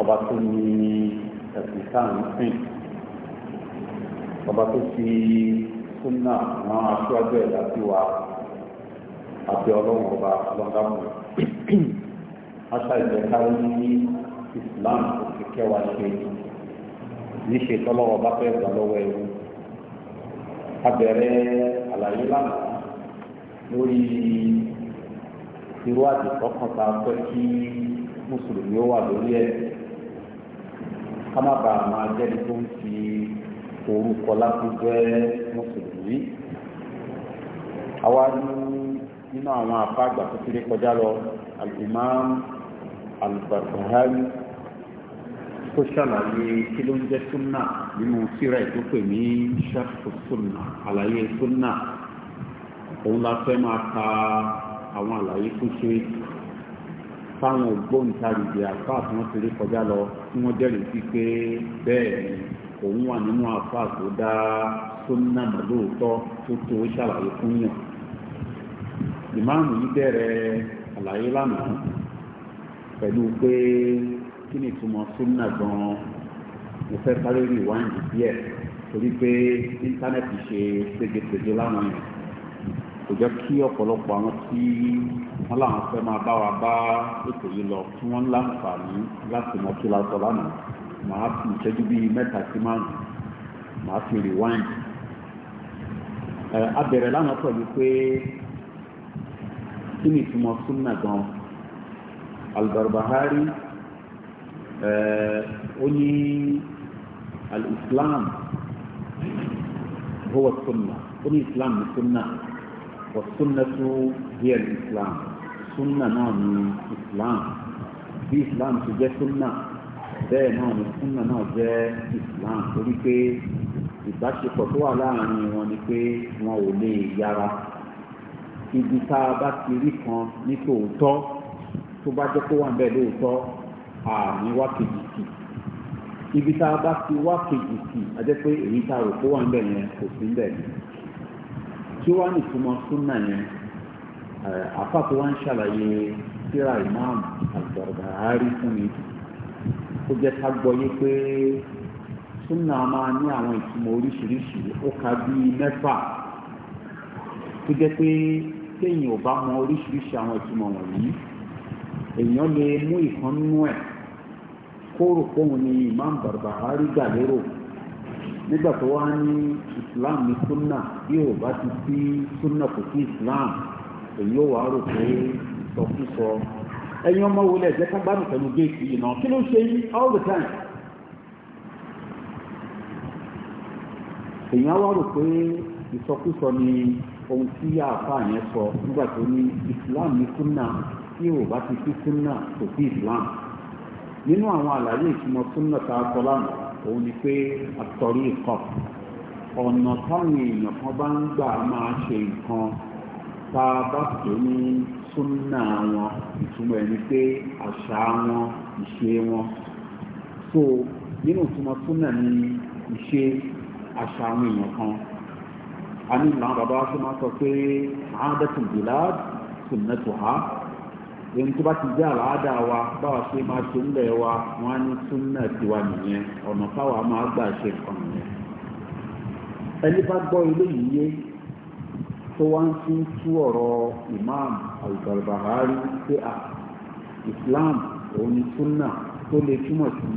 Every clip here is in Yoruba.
ọba tó ní ẹ̀sìn sáàmù sìn ọba tó fi súnà àwọn aṣáájú ẹ̀dá sí wa àti ọlọ́run ọba lọ́dàmù aṣá ìjẹ́kárí ní Islam kò fi kẹwàá ṣe níṣe tọ́lọ́wọ́ bá fẹ́ gbà lọ́wọ́ ẹ̀rú abẹ̀rẹ̀ àlàyé lánàá lórí irú àdìsọ́kàn tá a fẹ́ kí mùsùlùmí ó wà lórí ẹ̀ amaba má bàa máa jẹ́ni tó ń fi orúkọ lákúnjẹ́ mùsùlùmí. àwa ní nínú àwọn apá àgbà kọjá lọ al-imam al ṣàlàyé kí ló ń súnà nínú ka àwọn àlàyé tó ṣe fáwọn ògbóǹtarìgì àfa tí wọ́n ti rí kọjá lọ tí wọ́n jẹ́rìí sí pé bẹ́ẹ̀ ni òun wà nínú àfa tó dá sómìnà lóòótọ́ tó tó ṣàlàyé fún yàn ìmáàmù yìí bẹ̀rẹ̀ àlàyé lánàá pẹ̀lú pé kí ni ìtumọ̀ sómìnà gan-an mo fẹ́ sáré rí ìwáǹdì díẹ̀ torí pé íńtánẹ́ẹ̀tì ṣe ségesège lánàá yẹn kò jẹ́ kí ọ̀pọ̀lọpọ̀ àwọn tí wọ́n làwọn fẹ́ máa bá wa bá ètò yìí lọ kí wọ́n láǹfààní láti mọ kí la sọ lánàá màá fi ìṣẹ́jú bíi mẹ́ta sí márùn màá fi rewind. a bẹ̀rẹ̀ lánàá pẹ̀lú pé kí ni ìtumọ̀ súnà gan Al-Barbahari ó ní al-Islam huwa súnà ó ní Islam ní súnà súnà náà ni islam bí islam ti jẹ́ súnà bẹ́ẹ̀ náà ni súnà náà jẹ́ islam torí pé ìbáṣepọ̀ tó wà láàrin wọn ni pé wọn ò lè yára ibi tá a bá ti rí kan ní tòótọ́ tó bá jẹ́ kó wà ń bẹ̀ lóòótọ́ àmì wá kejì sí ibi tá a bá ti wá kejì sí a jẹ́ pé èyí tá a rò kó wà ń yẹn kò sí ń kí wá nìtumọ̀ súnà yẹn Eh, àfáà tó wá ń ṣàlàyé síra imam al-Barbahari fún mi ó jẹ́ ká gbọ́yé pé súnà máa ní àwọn ìtumọ̀ oríṣiríṣi ó ka bíi mẹ́fà tó jẹ́ pé téèyàn ò bá mọ oríṣiríṣi àwọn ìtumọ̀ wọ̀nyí èèyàn lè mú ìkan nínú ẹ̀ kó rò póun ni imam Barbahari gbà lérò nígbà tó wá ní islam ní súnà bí ò bá ti sí súnà kò sí islam. èyí ò wá rò pé sọ: ẹyin ọmọ wo lẹ̀ ká gbádùn pẹ̀lú géètì yìí náà all the time èyí á rò pé ìsọkúsọ ni ohun tí ya yẹn sọ nígbà tó ní Islam ní tí ò bá ti fi súnà kò sí Islam nínú àwọn àlàyé ìtumọ̀ súnà tá a sọ lánàá òun ni pé àtọ̀rí ìkọ̀ ọ̀nà táwọn èèyàn kan bá ń gbà máa ṣe tá a bá pè ní súnà wọn ìtumọ̀ ẹni pé àṣà wọn ìṣe wọn so nínú ìtumọ̀ súnà ni ìṣe àṣà àwọn èèyàn kan a ní ìlànà bàbá wa tó máa sọ pé àádọ́tún bìlá súnà tó há èyí tó bá ti jẹ́ àlàáda wa báwa ṣe máa ṣe ń lẹ̀ wa wọ́n á ní súnà tiwa nìyẹn ọ̀nà táwa máa gbà ṣe nǹkan nìyẹn ẹni bá gbọ́ ilé yìí yé tó wá ń fi tú ọ̀rọ̀ imam al-Barbahari pé a islam òun ni súnà tó lè túmọ̀ sí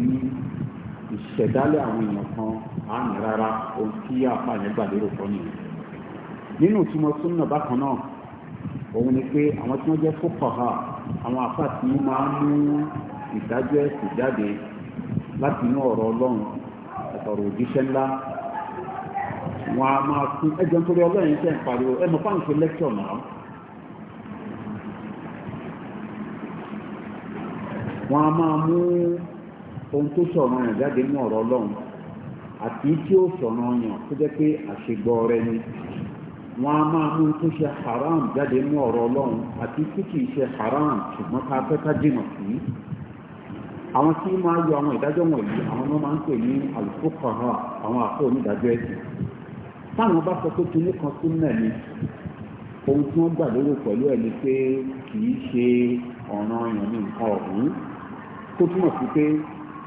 ìṣẹ̀dálẹ̀ àwọn èèyàn kan àmì rárá ohun tí àfààní gbàlérò kan nìyẹn nínú ìtumọ̀ súnà bákan náà òun ni pé àwọn tí wọ́n jẹ́ fúkọ̀há àwọn àfà tí máa ń mú ìdájọ́ ẹ̀sìn jáde láti inú ọ̀rọ̀ ọlọ́run àtọ̀rọ̀ òjíṣẹ́ ńlá wọn a máa kú ẹjọ́ nítorí ọlọ́yin tẹ̀ ń pariwo ẹ mọ̀ fáwọn ṣe lẹ́kṣọ̀ náà wọn a máa mú ohun tó sọ̀rọ̀ yàn jáde ní ọ̀rọ̀ ọlọ́run àti tí ó sọ̀rọ̀ yàn tó jẹ́ pé ni wọn a máa mú tó ṣe haram jáde ní ọ̀rọ̀ ọlọ́run àti tí kìí ṣe haram ṣùgbọ́n ká fẹ́ ká jìnà sí àwọn tí máa yọ àwọn ìdájọ́ wọ̀nyí àwọn máa ń pè ní àwọn onídàájọ́ ẹ̀sìn táwọn bá sọ pé kinní kan súnà ni ohun tí wọ́n gbà lérò pẹ̀lú ẹ̀ ni pé kì í ṣe ọ̀ràn èèyàn ní nǹkan ọ̀hún tó túmọ̀ sí pé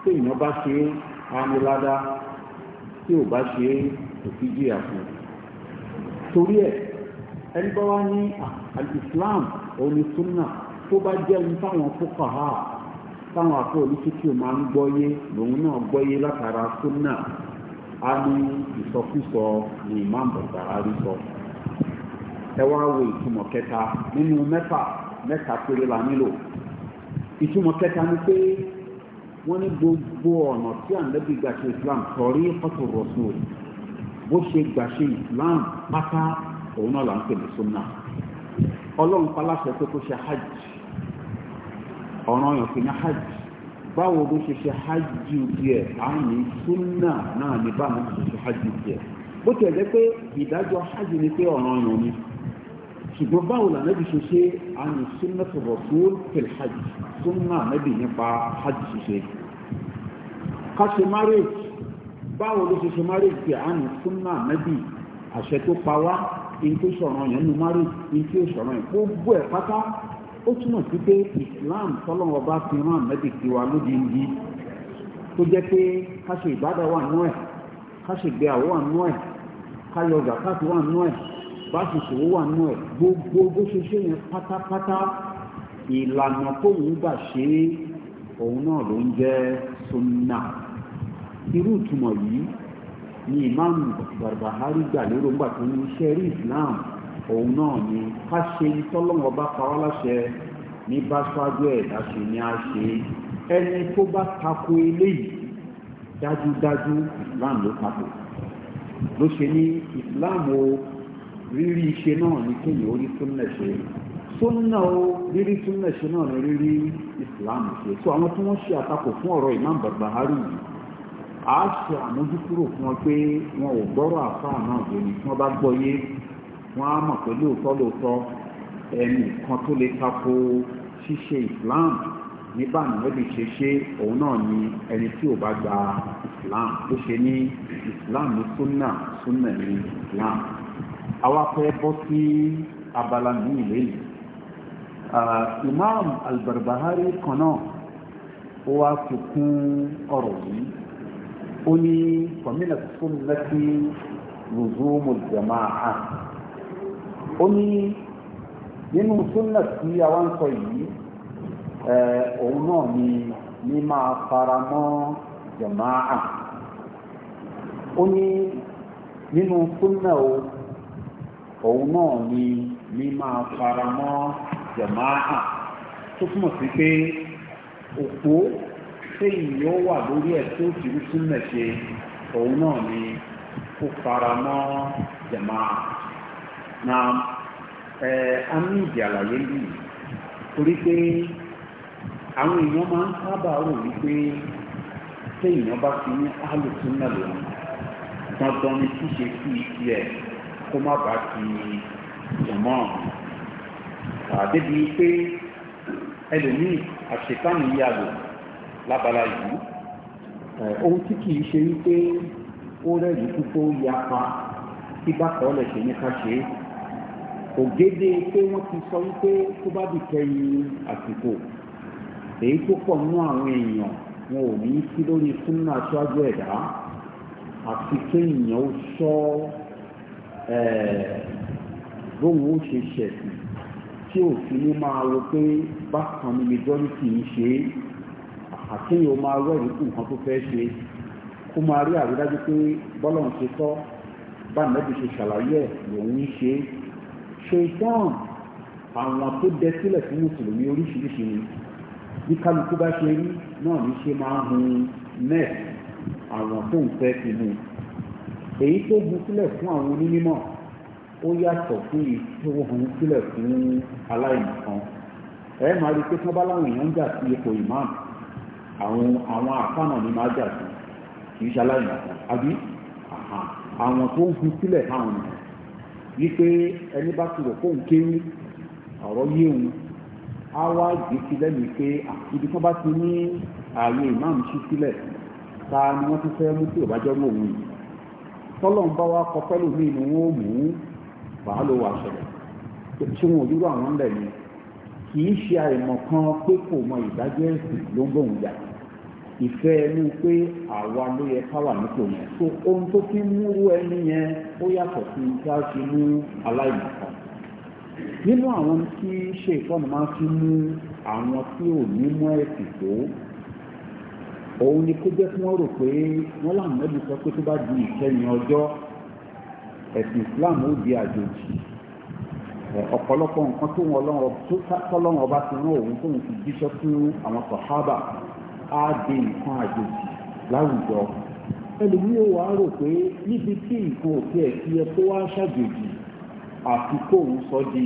tí èèyàn bá ṣe é amúládá tí ò bá ṣe é kò sí jìyà fún un torí ẹ̀ ẹni bá wá ní Islam òní súnà tó bá jẹ́ ohun táwọn fúkàhá táwọn àfọ olùsíkì máa ń gbọ́yé lòun náà gbọ́yé látara súnà á ní ìsọkúsọ ní imam Barbahari sọ ẹ wá wo ìtumọ̀ kẹta nínú mẹ́fà mẹ́ta péré la nílò ìtumọ̀ kẹta ni pé wọ́n ní gbogbo ọ̀nà tí ànábì gbà ṣe islam sọ̀rí fọ́tò rọ̀sùn bó ṣe gbà ṣe islam pátá òun náà là ń pèlè sunna ọlọ́run paláṣẹ pé kó ṣe hajj ọ̀ranyàn fi ní hajj báwo ló ṣe ṣe hajj tiẹ̀ á ní súnà náà ní báwo ló ṣe ṣe hajj tiẹ̀ bó tiẹ̀ jẹ́ pé ìdájọ́ hajj ni pé ọ̀ràn ọ̀ràn ni ṣùgbọ́n báwo la nẹ́bi ṣe ṣe á ní súnà sọ̀rọ̀ fún fil hajj súnà nẹ́bi nípa hajj ṣiṣe ká ṣe marriage báwo ló ṣe ṣe marriage tiẹ̀ á súnà nẹ́bi àṣẹ tó pa wá ní tó ṣọ̀ràn yẹn nu marriage ní tó ṣọ̀ràn yẹn gbogbo ẹ̀ pátá ó túmọ̀ sí pé islam tọ́lọ́wọ́ bá fi rán àmẹ́bì sí wa lóde ìdí tó jẹ́ pé ká ṣe ibada wà nú ẹ̀ ká ṣe ìgbé àwọ̀ wà nú ẹ̀ ká yọ zakat ṣe ṣòwò gbogbo bó ṣe ṣe yẹn pátápátá ìlànà gbà ṣe òun náà ló ń jẹ́ ni gbà lérò ńgbà tó islam òun náà ni ká ṣe ìtọ́lọ́wọ́ bá ni láṣẹ ní bá ṣáájú ni a ṣe ẹni tó bá tako eléyìí dájúdájú islam ló tako ló ṣe ní islam o rírí iṣẹ́ náà ni kéèyàn orí súnnà ṣe o rírí súnnà náà ni rírí islam ṣe so àwọn tí wọ́n ṣe àtakò fún ọ̀rọ̀ imam barbahari a ṣe àmójúkúrò fún ọ pé wọn ò gbọrọ afa náà lónìí tí wọ́n bá yé wọ́n á mọ̀ pé lóòótọ́ lóòótọ́ ẹnì kan tó lè tako ṣíṣe Islam nígbà níbi ṣe ṣe òun náà ni ẹni tí ò bá gba Islam ó ṣe ní Islam ní sunna sunna ní Islam àwa fẹ́ bọ́ sí abala míì lẹ́yìn Imam al kan náà ó wá fi kún ọ̀rọ̀ yìí ó ní kọ́mínà sunnati luzumul jama'a. ó ní nínú súnà tí wá ń sọ yìí òun náà ni ní máa fara ó ní nínú súnà o òun náà ni ní máa fara mọ jàmáà tó túmọ̀ sí pé òpó sẹ́yìn yóò wà lórí ẹ̀ tó ti rí súnà ṣe òun náà ni kó fara mọ jàmáà. na a ní ìdí àlàyé yìí torí pé àwọn èèyàn máa ń sábà rò wípé téèyàn bá fi ní alùpùpù náà lòun dandan ni ṣíṣe sí ibi ẹ kó má bàa ti jọmọ àdébí pé ẹlòmíì àṣetánì yàgò lábala yìí ohun tí kìí ṣe wípé ó rẹ̀ yìí púpọ̀ yapa tí bákan ọ̀lẹ̀ ṣe ní ká ṣe é ògede pé wọ́n ti sọ wípé tó bá di kẹyìn àsìkò èyí tó pọ̀ nínú àwọn èèyàn wọn ò ní sí lórí súnmọ́ aṣáájú ẹ̀dá àti kéèyàn ó sọ bóun ó ṣe ṣẹ̀sìn tí ò sí ní máa rò pé bákan ni majority ń ṣe é àkéèyàn ó máa rẹ́rìí kù nǹkan tó fẹ́ ṣe kó máa rí àrídájú pé bọ́lọ̀ ń ṣe tọ́ bá nàbì ṣe ṣàlàyé ẹ̀ lòun ń ṣe é ṣèṣán àwọn tó dẹ sílẹ̀ fún mùsùlùmí oríṣiríṣi ni bí kálukú bá ṣe rí náà ní ṣe máa ń hun nẹ́ẹ̀ àwọn tó ń fẹ́ fi mú èyí tó hun sílẹ̀ fún àwọn onímọ̀ ó yàtọ̀ fún èyí tó hun sílẹ̀ fún aláìmọ̀kan ẹ máa rí pé tí láwọn èèyàn ń jà sí ipò ìmáàmù àwọn àwọn àfánà ni máa jà sí kì í ṣe aláìmọ̀kan àbí àwọn tó ń hun sílẹ̀ fáwọn ènìyàn wípé ẹni bá ti rò kó ń kéwú ọ̀rọ̀ yéwu á wá gbé sílẹ̀ ní pé ibi tó bá ti ní ààyè ìmáàmù sí sílẹ̀ ta ni wọ́n ti fẹ́ mú tí ò bá jọ́ mọ́ òun yìí tọ́lọ̀ ń bá wa kọ pẹ́lú mi ni wọ́n mú wàá ló wà ṣẹlẹ̀ tí wọn ò dúró àwọn ńlẹ̀ ni kì í ṣe àìmọ̀ kan pé kò mọ ìdájọ́ ẹ̀sìn ló ń bọ̀ ń jà ìfẹ́ ẹnu pé àwa ló yẹ ká wà nípò yẹn so ohun tó fi ń múrú ẹni yẹn ó yàtọ̀ sí ká fi mú aláìmọ̀kan nínú àwọn tí ṣe ìtọ́nà máa fi mú àwọn tí ò ní mọ́ ẹ̀sìn tó òun ni kó jẹ́ kí wọ́n rò pé wọ́n láwọn ẹ̀dùn sọ pé tó bá di ìkẹyìn ọjọ́ ẹ̀sìn Islam ó di àjòjì ọ̀pọ̀lọpọ̀ nǹkan tó wọn ọlọ́run ọba ti rán òun tóun ti jíṣẹ́ fún àwọn sàhábà á di nǹkan àjèjì láwùjọ ẹlòmíì wà á rò pé níbi tí nǹkan òkè ẹ̀ fi yẹ kó wá ṣàjèjì àfi kóun sọ di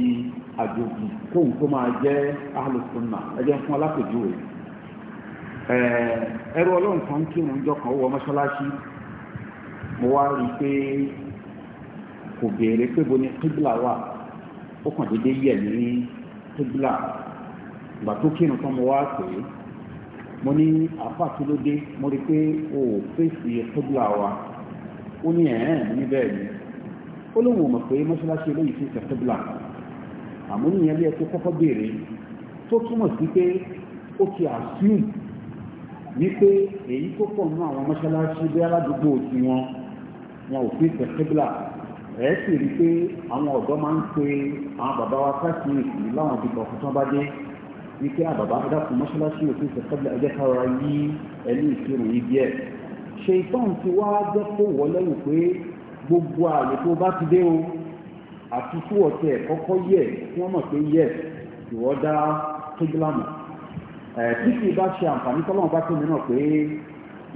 àjòjì kóun tó máa jẹ́ alùpùpù ẹ̀jẹ̀ fún alápèjúwe ẹ̀rọ ọlọ́run kan kírun jọ kan wọ mọ́ṣáláṣí mo wá rí i pé kò béèrè pé bo ni kíbla wà ó kàn déédéé yẹ̀ ní kíbla ìgbà tó kírun tán mo wá pè é mo ní àfa tó ló dé mo rí i pé o ò fèsì ẹ̀kọ́dúrà wa ó ní ẹ̀ẹ́n ní bẹ́ẹ̀ ni ó lóun ò mọ̀ pé mọ́ṣáláṣí eléyìí ti ṣẹ̀kọ́dúrà àmọ́ nìyẹn bí ẹ tó kọ́kọ́ béèrè tó túmọ̀ sí pé ó ti assume wípé èyí tó pọ̀ nínú àwọn mọ́ṣáláṣí bí aládùúgbò tí wọn wọn ò fi ṣẹ̀kọ́dúrà ẹ̀ sì rí i pé àwọn ọ̀dọ́ máa ń pe àwọn bàbá wa káàkiri láwọn ibi kọ̀ọ̀kan tó bá dé wípé àbàbà ah, dákun mọ́ṣáláṣí òfin ìṣẹ̀kọ́bílẹ̀ ẹgbẹ́ kára yí ẹni ìṣirò yìí díẹ̀ ṣe ìtàn ti wá jẹ́ kó wọ́ lẹ́yìn pé gbogbo ààyè tó bá ti dé o àti kú ọ̀tẹ̀ kọ́kọ́ yẹ kí wọ́n mọ̀ pé yẹ ìwọ́ dá kígílámù ẹ̀ tí kì í bá ṣe àǹfààní tọ́lọ́mù bá tó mi náà pé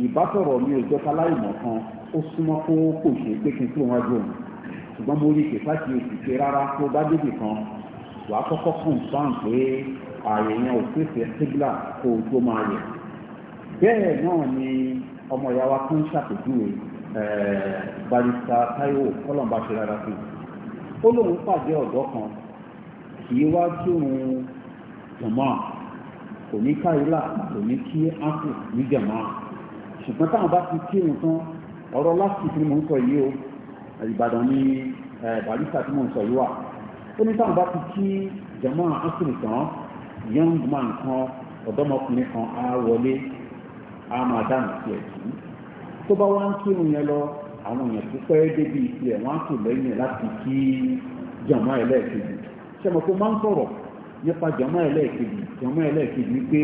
ìbátọ̀rọ̀ mi ò jọta láì mọ̀ kan ó súnmọ́ kó kò ṣe pé kí n kúrò wọn dùn ṣùgbọ́n mo rí ìpè ààyè yẹn ò fífẹ́ sígbà kó o tó máa yẹ bẹ́ẹ̀ náà ni ọmọ ìyá wa kan ṣàpèjúwe eh, barista Táíwò kọlọmba ṣe rárá sí ó lóun pàdé ọ̀dọ́ kan kì í wá kírun jọmọ kò ní káyílà kò ní kí ápù ní jọmọ ṣùgbọ́n táwọn bá ti kírun tán ọ̀rọ̀ láti fi mò ń sọ yìí o Ìbàdàn ni eh, barista tí mò ń sọ yìí wà ó ní táwọn bá ti kí jọmọ ápù tán. young man kan ọ̀dọ́mọkùnrin kan á wọlé á máa dáhùn sí ẹ̀ tó bá wá ń kírun yẹn lọ àwọn èèyàn tó pẹ́ débi ìsì ẹ̀ wọ́n á tò lẹ́yìn láti kí jàmá ẹlẹ́ẹ̀kejì sẹ́mi kó máa ń sọ̀rọ̀ nípa jàmá pé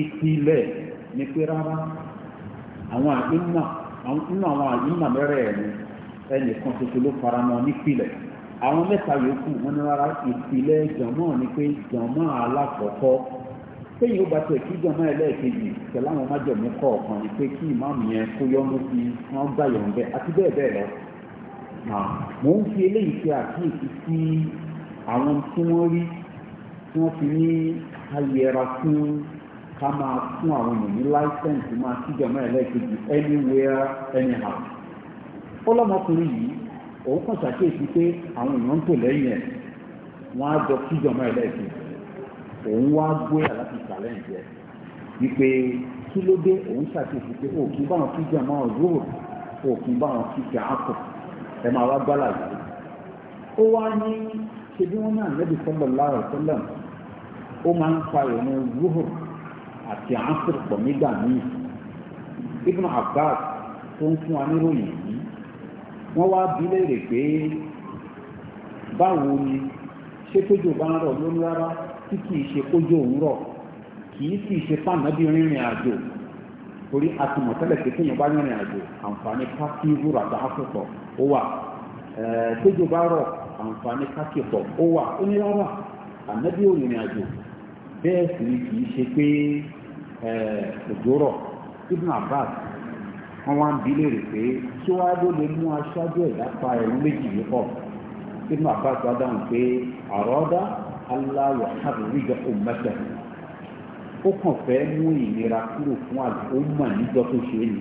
ìpìlẹ̀ ni pé rárá àwọn àìmọ̀ àwọn àwọn mẹ́ta yòókù wọn ni rárá ìpìlẹ̀ jọ̀mọ́ ni pé jọ̀mọ́ alákọ̀ọ́kọ́ sẹ́yìn ó bá tẹ̀ kí jọ̀mọ́ ẹlẹ́ẹ̀kejì pẹ̀lú àwọn májẹ̀mú kọ̀ọ̀kan ni pé kí ìmáàmù yẹn kó yọnu sí àti bẹ́ẹ̀ bẹ́ẹ̀ lọ. mò ń fi eléyìí ṣe àkíyèsí sí àwọn tí wọ́n rí tí ní kí jọ̀mọ́ ẹlẹ́ẹ̀kejì anywhere anyhow. òun kàn ṣàkíyèsí pé àwọn èèyàn ń tò lẹ́yìn ẹ̀ wọ́n á jọ kíjọ mọ́ ẹlẹ́ẹ̀kejì òun wá gbé àláfi sàlẹ̀ ìjẹ́ wípé kí ló dé òun ṣàkíyèsí pé òkú bá wọn kíjọ mọ́ ọ̀rọ̀ òkú bá wọn kíjọ àkọ́ ẹ máa wá gbálà yìí ó wá ní ṣe bí wọ́n náà lẹ́bi sọ́lọ̀ láàrọ̀ sọ́lọ̀ ó máa ń fa ìrìn zuhur àti àásìrì pọ̀ nígbà míì Ibn Abbas tó ń fún wa níròyìn yìí wọ́n wá bí léèrè pé báwo ni ṣé kójò bá ń rọ̀ lórí rárá tí kìí ṣe kìí sì ṣe fànàbí rìnrìn àjò torí àtìmọ̀ tẹ́lẹ̀ pé kéèyàn bá rìnrìn àjò àǹfààní káfí rúra bá àkùkọ ó wà àjò bẹ́ẹ̀ wọ́n wá ń bi léèrè pé tí wàá ló lè mú aṣáájú ẹ̀dá pa ẹ̀rún méjì yìí pọ̀ sínú àbáṣọ adáhùn pé àrọ́dá aláwọ̀ àrùríjọ òmùmẹ́sẹ̀ ó kàn fẹ́ mú ìnira kúrò fún àlùfóòmà níjọ tó ṣe é ni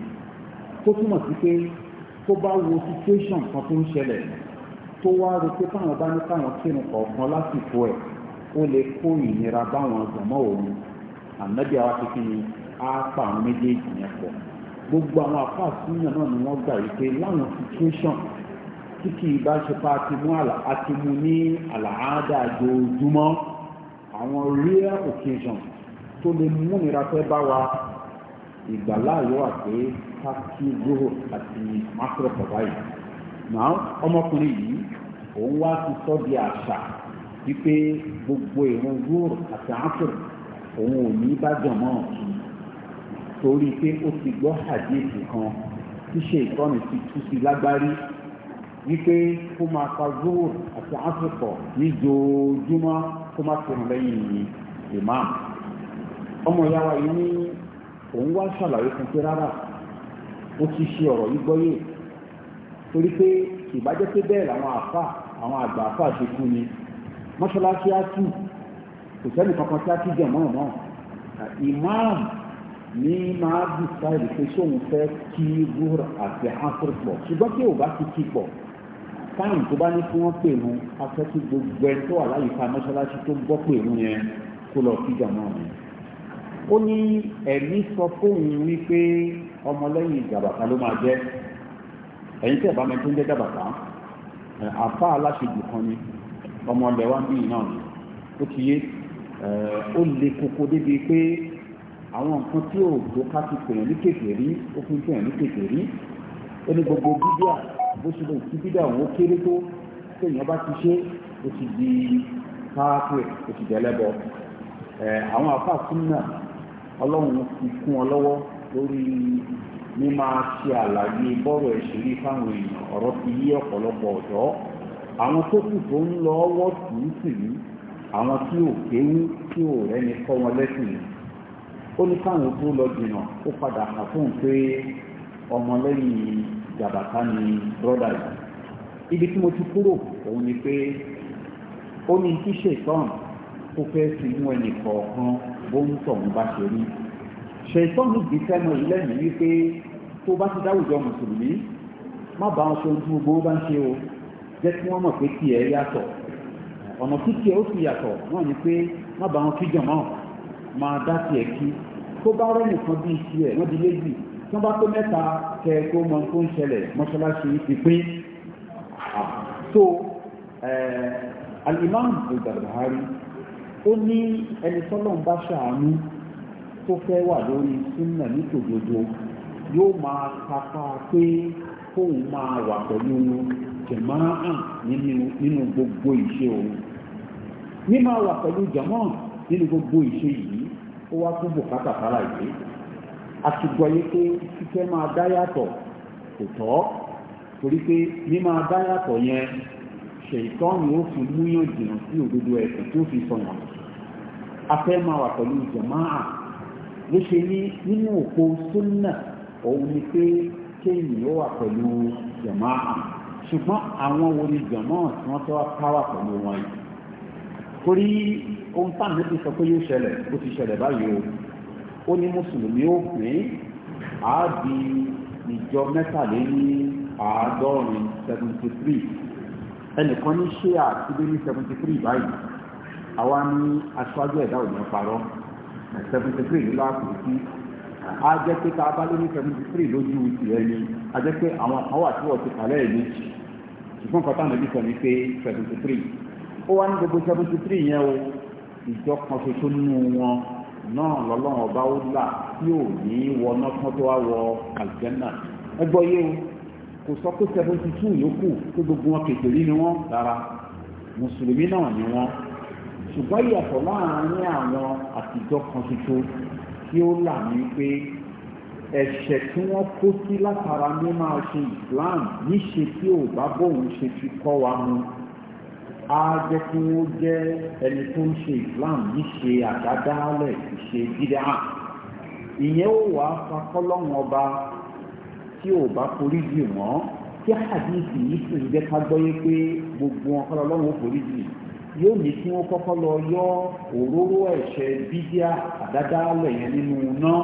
tó túmọ̀ sí pé tó bá wo situation kan tó ń ṣẹlẹ̀ tó wá ro pé táwọn bá ní káwọn kírun kọ̀ọ̀kan lásìkò ẹ̀ ó lè kó ìnira báwọn ọ̀gbọ̀n mọ́ òun ànábìá wa kékeré á pa àwọn méjèèjì yẹn pọ̀ gbogbo àwọn àfáàsíyàn náà ni wọ́n gbà wípé láwọn situation tí kì í bá ṣe pa ti mú àti mu ní àlàáda àjòjúmọ́ àwọn real occasion tó lè múnira fẹ́ bá wa ìgbàláyọ̀ àti kákí gbòòrò àti macro provide náà ọmọkùnrin yìí òun wá ti sọ di àṣà wípé gbogbo ìwọn gbòòrò àti àǹfọ̀rọ̀ òun ò ní bá jọ̀ mọ́ ọ̀tún torí pé ó ti gbọ́ àdéhùn kan tí ṣe ìtọ́ni ti tú sí lágbárí wípé kó máa fa zuhur àti asopọ̀ ní joojúmọ́ kó má fi hàn lẹ́yìn imam ọmọ ìyá wa yìí ní òun wá ṣàlàyé fún pé rárá ó ti ṣe ọ̀rọ̀ yìí gbọ́yè torí pé ìbájẹ́ pé bẹ́ẹ̀ làwọn àfà àwọn àgbà àfà ṣe kú ni mọ́ṣáláṣí á tù kò sẹ́ni kankan tí á tù jẹ̀ mọ́ ìmáàmù ní máa bí sáìdì pé sóun fẹ́ kí zuhur àti asr pọ̀ ṣùgbọ́n tí ò bá ti kí pọ̀ táyìn tó bá ní kí wọ́n pè mú afẹ́ kí gbogbo ẹ tó wà láyìíká mọ́ṣáláṣí tó gbọ́ pè mú yẹn kó lọ sí jàmáà mi. ó ní ẹ̀mí sọ fóun wípé ọmọlẹ́yìn jàbàtà ló máa jẹ́ ẹ̀yin tẹ̀ bá mi tó ń jẹ́ jàbàtà àfa aláṣejù kan ni ọmọ ọlẹ́wà ń bí yìí náà ni ó ti yé ó le koko débi pé àwọn nǹkan tí ò tó ká fi pèèyàn ní kékeré ó fi ń pèèyàn ní kékeré ó ní gbogbo bídíà bó ṣe lè ti bídíà òun ó kéré tó téèyàn bá ti ṣe ó ti di káàpẹ̀ ó ti dẹ́lẹ́bọ àwọn àfáà súnmọ́ ọlọ́run ti kún ọ lọ́wọ́ lórí mímá ṣe àlàyé bọ́rọ̀ ìṣèlú fáwọn èèyàn ọ̀rọ̀ ti yí ọ̀pọ̀lọpọ̀ ọ̀dọ́ àwọn tó kù tó ń lọ ọwọ́ tù ú sì ní àwọn tí ò kéwú tí ò rẹ́ni kọ́ wọn lẹ́sìn yìí ó ní káwọn tó lọ jìnnà ó padà hàn fún un pé ọmọlẹ́yìn jàbàtà ni brọ́dà yìí ibi tí mo ti kúrò òun ni pé ó ní kí ṣètọ́n kó fẹ́ fi mú ẹnì kọ̀ọ̀kan bó ń tọ̀ ń bá ṣe rí ṣètọ́n gbé sẹ́nu ìlẹ́yìn wípé tó bá ti dáwùjọ mùsùlùmí má bá wọn ṣe ohun tí gbogbo bá ń ṣe o jẹ́ kí wọ́n mọ̀ pé tiẹ̀ yàtọ̀ ọ̀nà tí tiẹ̀ ó ti yàtọ̀ náà ni pé má bá wọn kíjọ̀ náà ma dá tiẹ̀ kí tó bá rẹ́ nìkan bí iṣẹ́ ẹ̀ wọ́n di léjì tó bá tó mẹ́ta kẹ kó mọ tó ń ṣẹlẹ̀ mọ́ṣáláṣí ti pín so alimam al-Barbahari ó ní ẹni tọ́lọ̀ ń bá ṣàánú tó fẹ́ wà lórí súnà ní tòdodo yóò máa kápá pé kóun máa wà pẹ̀lú jẹ̀máà nínú gbogbo ìṣe òun mímáa wà pẹ̀lú jẹ̀máà nínú gbogbo ìṣe yìí ó wá tó bùkátà sára ìwé a ti gbọ́ yé pé fífẹ́ máa dá yàtọ̀ kò tọ́ torí pé ní máa dá yàtọ̀ yẹn ṣètọ́nù ó fi múyàn jìnnà sí òdodo ẹ̀sìn tí ó fi sọnà a fẹ́ máa wà pẹ̀lú jàmáà ló ṣe ní nínú òpó súnnà òun ni pé kéèyàn ó wà pẹ̀lú jàmáà ṣùgbọ́n àwọn wo ni jàmáà tí wọ́n tọ́ káwà pẹ̀lú wọn yìí torí ohun táwọn ti sọ pé yóò ṣẹlẹ̀ ó ti ṣẹlẹ̀ báyìí o ó ní mùsùlùmí ó pín àábí ìjọ mẹ́tàléní àádọ́rin seventy three ẹnìkan ní ṣíà ti ní seventy three báyìí àwa ní aṣáájú ẹ̀dá òní parọ́ seventy three ló láàpù sí a jẹ́ pé tá bá lé ní seventy three lójú ìrẹ́ ni a jẹ́ pé àwọn kan wà tí wọ́n ti kàlẹ́ ẹ̀ méjì ṣùgbọ́n kan táwọn sọ ni pé seventy three ó wá ní gbogbo seventy three yẹn o ìjọ kan ṣoṣo nínú wọn náà lọ́lọ́run ọba ó là tí ò ní wọná tán tó wá wọ àlùjẹ́nà ẹ gbọ́ yé o kò sọ pé seventy two yòókù tó gbogbo wọn kékeré ni wọn rárá mùsùlùmí náà ni wọn ṣùgbọ́n ìyàtọ̀ láàárín àwọn àtijọ́ kan ṣoṣo tí ó là ní pé ẹ̀ṣẹ̀ tí wọ́n kó sí látara mímọ́ ṣe Islam níṣe tí ò bá bóun ṣe fi kọ́ wa mu á jẹ́ kí wọ́n jẹ́ ẹni tó ń ṣe islam yìí ṣe àdádálẹ̀ ìṣe dídá ìyẹn ó wàá fa kọ́lọ́hún ọba tí ò bá forí jì wọ́n tí àdìsí yìí sì ń jẹ́ ká gbọ́yé pé gbogbo wọn kọ́lọ́ lọ́wọ́ forí jì yóò ní kí wọ́n kọ́kọ́ lọ yọ òróró ẹ̀ṣẹ̀ bídíà àdádálẹ̀ yẹn nínú náà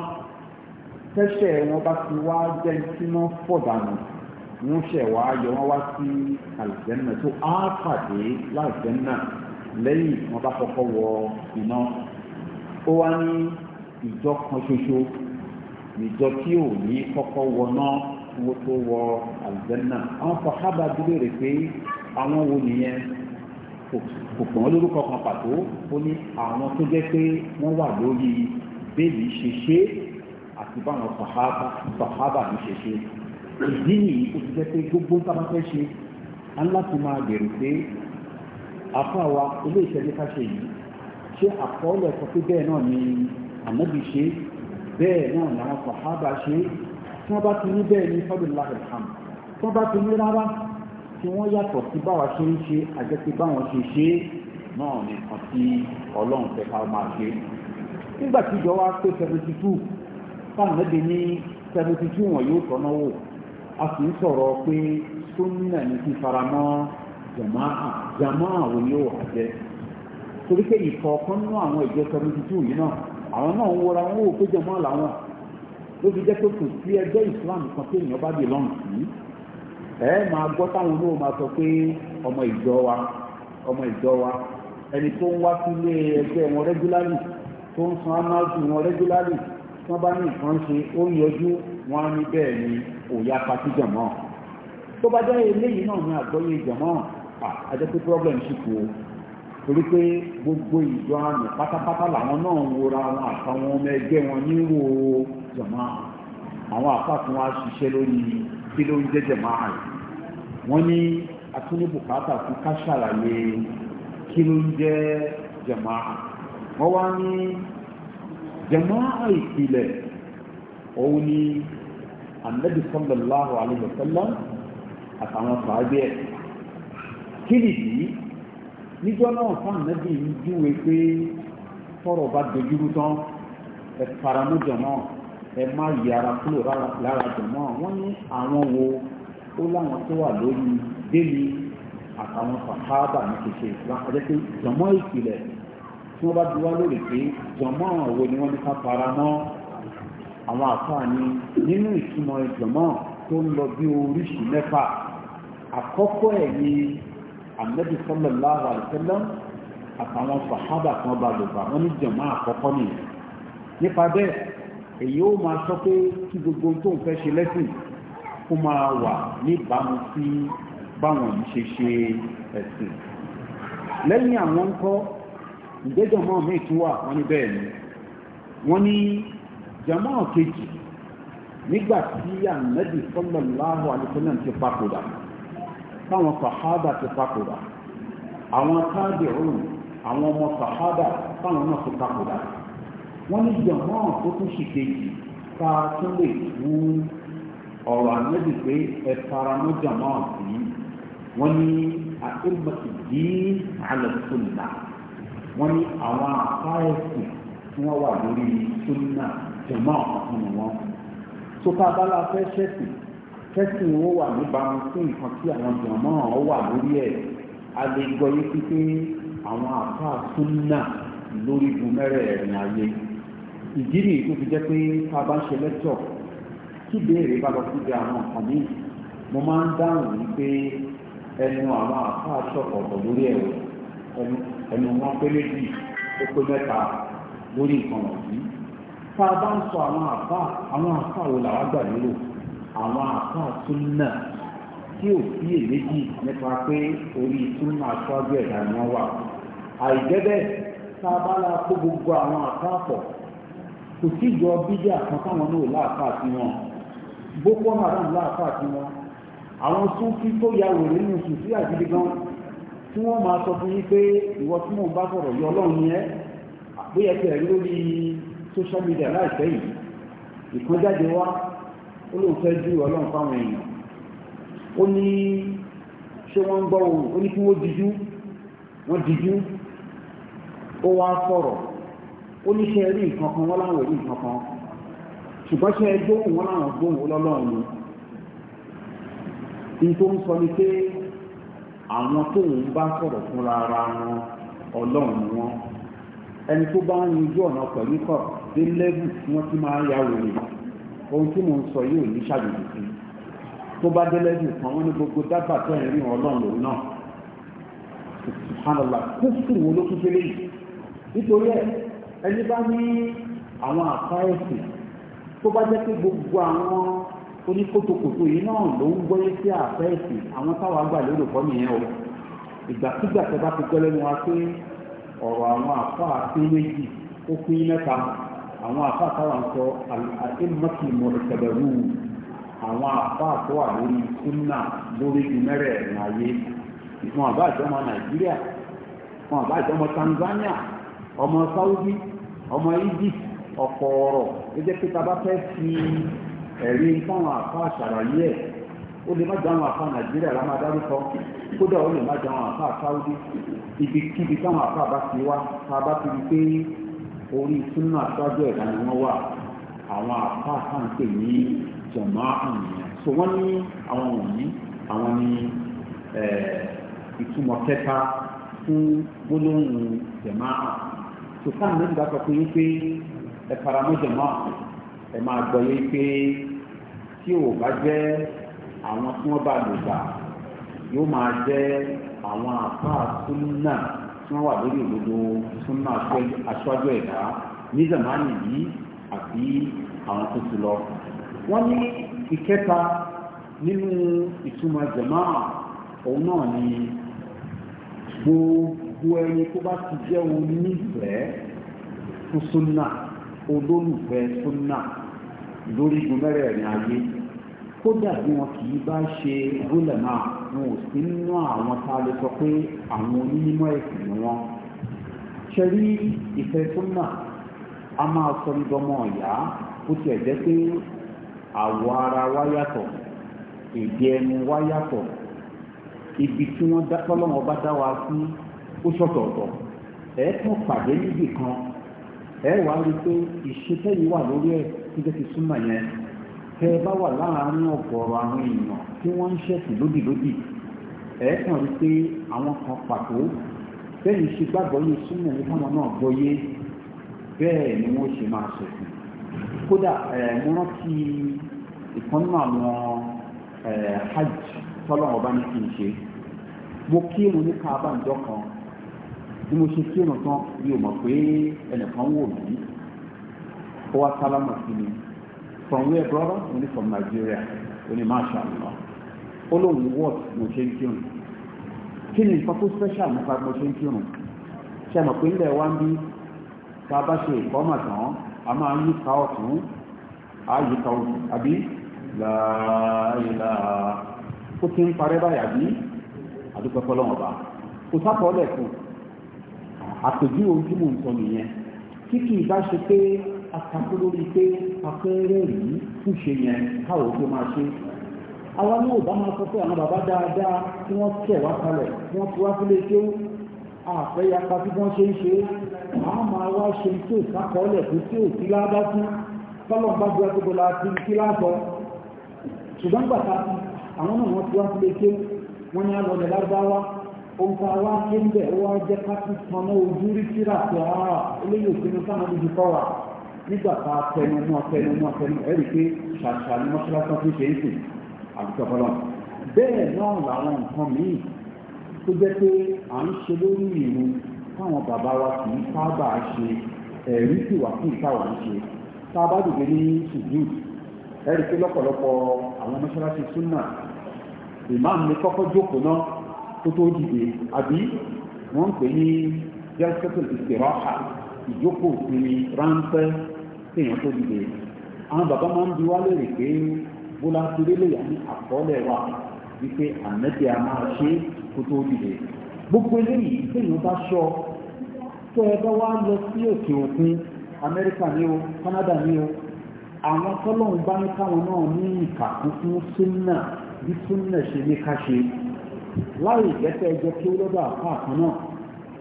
tẹ́ṣẹ̀ wọn bá ti wá jẹ́ tí fọ̀dànù wọ́n ṣẹ̀ wá yọ wọ́n wá sí àlùjẹ́nà tó á pàdé láàjẹ́nà lẹ́yìn wọ́n bá kọ́kọ́ wọ iná ó wá ní ìjọ kan ṣoṣo ìjọ tí ò ní kọ́kọ́ wọ náà wọ́n tó wọ àlùjẹ́nà àwọn sàhábà dúró rè pé àwọn wo nìyẹn kò pọ̀n lórúkọ kan pàtó ó ní àwọn tó jẹ́ pé wọ́n wà lórí bẹ́ẹ̀lì ṣe ṣe àti báwọn sàhábà mi ṣe ṣe ìdí nìyí ó ti jẹ́ pé gbogbo ń sábà fẹ́ ṣe aláti máa bèrè pé àfa wa ilé ìṣẹ́jú ká ṣe yìí ṣé àkọọ́lẹ̀ sọ pé bẹ́ẹ̀ náà ni ànábì ṣe bẹ́ẹ̀ náà làwọn sàhábà ṣe tí wọ́n bá ti ní bẹ́ẹ̀ ní fọ́dúnlá ìhàm tí wọ́n bá ti ní rárá tí wọ́n yàtọ̀ sí báwa ṣe ń ṣe àjẹpé báwọn ṣe ṣe náà nìkan tí ọlọ́run fẹ́ ká máa ṣe nígbà tí ìjọ wa pé seventy two fáwọn ẹ̀dẹ̀ ní seventy two wọn yóò tọ́ná wò a kì í sọ̀rọ̀ pé sunna ní ti faramọ́ jama'a jama'a wo ni ó wà jẹ́ torí pé ìkọ̀ọ̀kan nú àwọn ìjọ seventy two yìí náà àwọn náà ń wọra wọn ò pé jama'a làwọn ló fi jẹ́ Islam kan tó èèyàn bá dé e sí ẹ máa gbọ́ táwọn olówó ọmọ ìjọ ọmọ ìjọ wa ẹni tó ń wá sílé ẹgbẹ́ wọn rẹ́gúlárì tó ń san wọ́n ní bẹ́ẹ̀ ni òya pati jọ̀mọ́ tó bá dá eléyìí náà ní àgbọ́yé jọ̀mọ́ àjọ problem sì kú o torí pé gbogbo ìjọ àmì pátápátá làwọn náà ń wora àwọn àtàwọn ọmọ ẹgbẹ́ wọn níwò jọ̀mọ́ àwọn àpapọ̀ wa ṣiṣẹ́ lórí kí ló ń jẹ́ jọ̀mọ́ àrùn wọ́n ní atúnibùkátà fún ká kí ló ń jẹ́ jọ̀mọ́ wọ́n wá ní jọ̀mọ́ ìpìlẹ̀ òun ni anabi sallallahu alayhi wa sallam àtàwọn fàájì ẹ̀ kí nìdí níjọ́ náà fún anabi ń júwe pé tọrọ bá dojúrú tán ẹ faramójọ náà ẹ má yára kúrò lára jọ náà wọ́n ní àwọn wo ó láwọn tó wà lórí délé àtàwọn sàhábà ní kéṣe lápẹjẹ pé jọmọ ìpìlẹ̀ tí wọ́n bá di wá lórí pé jọmọ àwọn wo ni wọ́n ní ká fara àwọn àfààní nínú ìtumọ̀ ìjọ̀mọ́ tó ń lọ bí oríṣi mẹ́fà àkọ́kọ́ ẹ̀ ni anabi sallallahu alaihi wasallam àtàwọn sàhábà kan bá lò bá wọn ní jọ̀mọ́ àkọ́kọ́ nìyẹn nípa bẹ́ẹ̀ èyí ó máa sọ pé kí gbogbo tó ń fẹ́ ṣe lẹ́sìn kó máa wà níbàámu sí báwọn yìí ṣe ṣe ẹ̀sìn lẹ́yìn àwọn ń kọ́ ìgbẹ́jọ́ mi tún wà wọ́n ní bẹ́ẹ̀ ni wọ́n ní jamaa kejì nígbà tí ànábì sallallahu alaihi wasallam ti papòdà táwọn sàhábà ti papòdà àwọn tábìrún àwọn ọmọ sàhábà táwọn náà ti papòdà wọ́n ní jamaa tó tún ṣì kejì tá a tún lè tú ọ̀rọ̀ ànábì pé ẹ fara mọ́ jamaa sí wọ́n ní àtúntò dín alẹ́ tó ní àwọn àpá tí wọ́n wà lórí sunna jẹ̀mọ́ ọ̀hún wọn. tó ká bá la fẹ́ ṣẹ̀sìn ṣẹ̀sìn wo wà níbàámu sí nǹkan tí àwọn jẹ̀mọ́ ọ̀ wà lórí ẹ̀ a lè gbọ́ yé pípé àwọn àfáà súnà lórí ibùmẹ́rẹ̀ ẹ̀rìn ayé ìdí nìyí tó fi jẹ́ pé ká bá ń ṣe lẹ́tọ̀ kí ìbéèrè bá lọ síbi àwọn nǹkan míì mo máa ń dáhùn wípé ẹnu àwọn àfáà ṣọ̀kọ̀tọ̀ lórí ẹ̀rọ ẹnu wọn pé méjì ó pé mẹ́ta lórí nǹkan wọ̀nyí tá a bá ń sọ àwọn àfa àwọn àfa wo làwọn gbà nílò àwọn àfa súnà tí ò sí èméjì nípa pé orí súnà aṣáájú ẹ̀dá ni wọ́n wà àìjẹ́bẹ́ tá a bá la kó gbogbo àwọn àfa pọ̀ kò sí ìjọ bíjà kan táwọn náà láàfà sí wọn boko haram láàfà sí wọn àwọn súnfí tó ya wèrè nínú sùsí àgídí gan tí wọ́n máa sọ fún yín pé ìwọ tí mo bá sọ̀rọ̀ yọ ọlọ́run yẹn bóyá lórí social media láìpẹ́ yìí ìkójáde wá ó lóun fẹ́ ju ọlọ́run fáwọn èèyàn ó ní ṣé wọ́n ń gbọ́ ohun ó ní kí wọ́n dijú wọ́n dijú ó wá sọ̀rọ̀ ó ní ṣe rí nǹkan kan wọ́n láwọn rí nǹkan kan ṣùgbọ́n ṣe gbóhùn wọn láwọn gbóhùn lọ́lọ́run ni ní tó ń sọ ni pé àwọn tó ń bá sọ̀rọ̀ fúnra ara wọn ọlọ́run ni wọn ẹni tó bá ń yanjú ọ̀nà pẹ̀lú kọ̀ọ̀ dé lẹ́bù tí wọ́n ti máa ya wèrè ohun tí mò ń sọ yóò ní ṣàjòjì sí tó bá dé lẹ́bù kan wọ́n ní gbogbo dábàá tó ń rí wọn lọ́nà náà subhanallah kúfù wo ló tún fẹ́lẹ́ yìí nítorí ẹ ẹni bá ní àwọn àká ẹ̀sìn tó bá jẹ́ pé gbogbo àwọn oníkótókòtò yìí náà ló ń gbọ́yé sí àká ẹ̀sìn àwọn táwọn àgbà lérò kọ́ nìyẹn o ìgbàkúgbà tó bá ti gbọ́ lẹ́nu wa pé ọ̀rọ̀ àwọn àká àti méjì ó pín mẹ́ta àwọn àfa táwa ń sọ àtẹnumọ́tì mọ̀lẹ́kẹ̀dẹ̀rú àwọn àfa àtọ́ àlórí súnà lórí ìmẹ́rẹ̀ ẹ̀ráyé ìfọ̀n àbá ìjọmọ nàìjíríà ìfọ̀n àbá ìjọmọ Tanzania ọmọ Saudi ọmọ Egypt ọ̀pọ̀ ọ̀rọ̀ gẹ́gẹ́ pé ta bá fẹ́ fi ẹ̀rí fáwọn àfa àṣàràyé ẹ̀ ó lè má jẹ́ àwọn àfa nàìjíríà la máa dárúkọ kódà ó lè má jẹ́ àwọn àfa Saudi ibikíbi táwọn àfa bá ti wá tá a bá ti rí pé orí súnà àtọ́jú ẹ̀dá ni wọ́n wà àwọn àpá àkàǹtè ní jọ̀mọ́ àmìyàn so wọ́n ní àwọn wọ̀nyí àwọn ní ìtumọ̀ kẹta fún gbólóhùn jọ̀mọ́ àmì so káà ní ìgbà kan pé pé ẹ faramọ́ jọ̀mọ́ ẹ máa gbọ́ yé pé tí ò bá jẹ́ àwọn tí wọ́n bá lò gbà yóò máa jẹ́ àwọn àpá súnà tí wọ́n wà lórí òdodo súnmọ́ aṣáájú ẹ̀dá ní zamani yìí àbí àwọn tó ti lọ. wọ́n ní ìkẹta nínú ìtumọ̀ jamaa òun náà ni gbogbo ẹni tó bá ti jẹ́ onífẹ̀ẹ́ fún súnmọ́ olólùfẹ́ súnmọ́ lórí igun mẹ́rẹ̀ẹ̀rin ayé kódà bí wọn kì í bá ṣe gólẹ̀ náà wọn ò sí nínú àwọn tá a lè sọ pé àwọn onímọ̀ ẹ̀sìn ni wọn. ṣẹ́rí ìfẹ́ súnà a máa sọ ní dọ́mọ ọ̀yá ó tiẹ̀ jẹ́ pé àwọ̀ ara wa yàtọ̀ èdè ẹnu wa yàtọ̀ ibi tí wọ́n dá tọ́lọ́wọ́ bá dá wa sí ó ṣọ̀tọ̀ọ̀tọ̀ ẹ̀ tún pàdé níbì kan ẹ̀ wá rí i pé ìṣe tẹ́yìn wà lórí ẹ̀ tó jẹ́ ti súnà yẹn tẹ ẹ bá wà láàárín ọ̀gọ̀ọ̀rọ̀ àwọn èèyàn tí wọ́n ń ṣẹ̀sìn lódìlódì ẹ̀ẹ́kàn rí pé àwọn kan pàtó bẹ́ẹ̀ ni ṣe gbàgbọ́ yé súnmọ́ ní káwọn náà gbọ́ yé bẹ́ẹ̀ ni wọ́n ṣe máa ṣẹ̀sìn kódà mo rántí ìkan àwọn hajj tọ́lọ́wọ́n bá ní kí n ṣe mo kírun ní káàbà ìjọ kan bí mo ṣe kírun tán mi ò mọ̀ pé ẹnìkan wò mí ó wá sálámà sí mi from where brother only from Nigeria only marshal lọ ó lóun wọ́ọ̀t mo ṣe ń kírun kí ni nǹkan tó special nípa mo ṣe ń kírun ṣe mọ̀ pé ńlẹ̀ wá ń bí tá a bá ṣe ìkọ́mà tán a máa ń yíká ọ̀tún a yíká ọ̀tún àbí láàyèlá ó ti ń parẹ́ báyà bí àdúgbò fọlọ́wọ́n bá kò sápọ̀ ọ̀lẹ̀ àpèjú ohun tí nìyẹn kí kì í bá ṣe pé àkàkó lórí pé afẹ́rẹ́ yìí kù ṣe yẹn káwọ́ tó máa ṣe àwa náà ò bá máa sọ pé àwọn bàbá dáadáa tí wọ́n tẹ̀ wá kalẹ̀ tí wọ́n fi wá sílé tó àfẹ́ yapa tí wọ́n ṣe ń ṣe a máa wá ṣe tí ò sákọọ́lẹ̀ tó tí ò sí ládá sí tọ́lọ̀ bá gbé agbègbè la ti kí láàtọ̀ ṣùgbọ́n gbàtà àwọn náà wọ́n ti sílé tó wọ́n ní àlọ́lẹ̀ lárúbáwá ohun tá a wá ké ń bẹ̀ ó jẹ́ ká tún tan náà ojú rí tíra pé ara ah, eléyìí òfin sáà nígbà tá a tẹnu mọ́ tẹnu mọ́ tẹnu ẹ̀rí pé ṣàṣà ni mọ́ṣáláṣá tó ṣe é sìn àdúgbò fọlọ́ bẹ́ẹ̀ náà làwọn nǹkan míì tó jẹ́ pé à ń ṣe lórí ìlú táwọn bàbá wa kì í sábà ṣe ẹ̀rí sì wà fún ìtawà ń ṣe tá a bá dìde ní sùdíù ẹ̀rí pé lọ́pọ̀lọpọ̀ àwọn mọ́ṣáláṣí súnà ìmáàmù ní kọ́kọ́ jókòó náà tó tó dìde àbí wọ́n ń pè ní jẹ́sítẹ́tù ìsìráhà ìjókòó ìsinmi ráńpẹ́ kéèyàn tó dìde àwọn bàbá máa ń bi wá lórí pé bóla ti lé lèyà ní àkọọ́lẹ̀ wa wípé ànẹ́tẹ̀ a máa ṣe kó tó dìde gbogbo eléyìí kéèyàn bá ṣọ tó ẹ bá wá lọ sí òkè òkun amẹ́ríkà ní o Canada ní o àwọn tọ́lọ́hún bá ní káwọn náà ní ìkàkùn fún súnà bí súnà ṣe ní ká ṣe láì jẹ́ pé ẹjọ́ kí ó lọ́dọ̀ àpá kan náà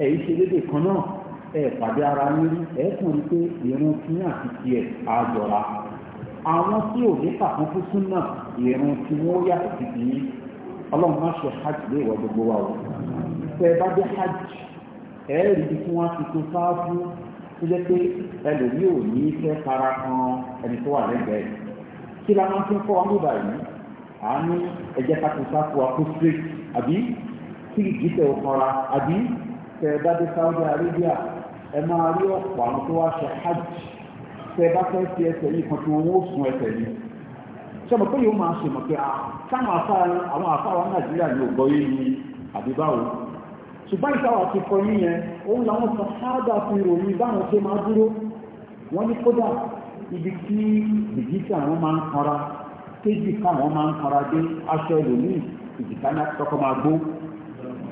ẹ̀yìn ṣe lédè kan náà ẹ pàdé ara nírí ẹ kàn rí pé ìrún tí àti tiẹ̀ á jọra àwọn tí ò ní kàkún fún súnà ìrún tí wọ́n yàtọ̀ sí ti yín ọlọ́run má ṣe hajj lé ìwọ gbogbo wa o tẹ ẹ bá dé hajj ẹ rí i tí wọ́n ti tó sáájú tó jẹ́ pé ẹlòmíì ò ní fẹ́ fara kan ẹni tó wà lẹ́gbẹ̀ẹ́ kí la máa ń kọ́ wọn nígbà yìí àánú ẹ̀jẹ̀ kàtó sáfù àkóso àbí kí ìgbésẹ̀ òkànra àbí tẹ bá dé Saudi Arabia ẹ máa rí ọ̀pọ̀ àwọn tó wá ṣe hajj tẹ bá fẹ́ fi ẹsẹ̀ yìí kan tí wọ́n ó sun ẹsẹ̀ yìí sọmọ pé yóò máa ṣèmọ̀ pé ah, táwọn afárá àwọn afárá nàìjíríà ní ògbọ́ yìí ni àbí báwo ṣùgbọ́n ìtawà ti kọ yín yẹn òun làwọn sọ sáábà fi ròyìn báwọn ṣe máa dúró wọ́n ní kódà ibi tí bìgítà wọn máa ń kanra kéjì káwọn máa ń kanra dé aṣọ ẹlòmíì ìjìká náà tọkọ máa gbó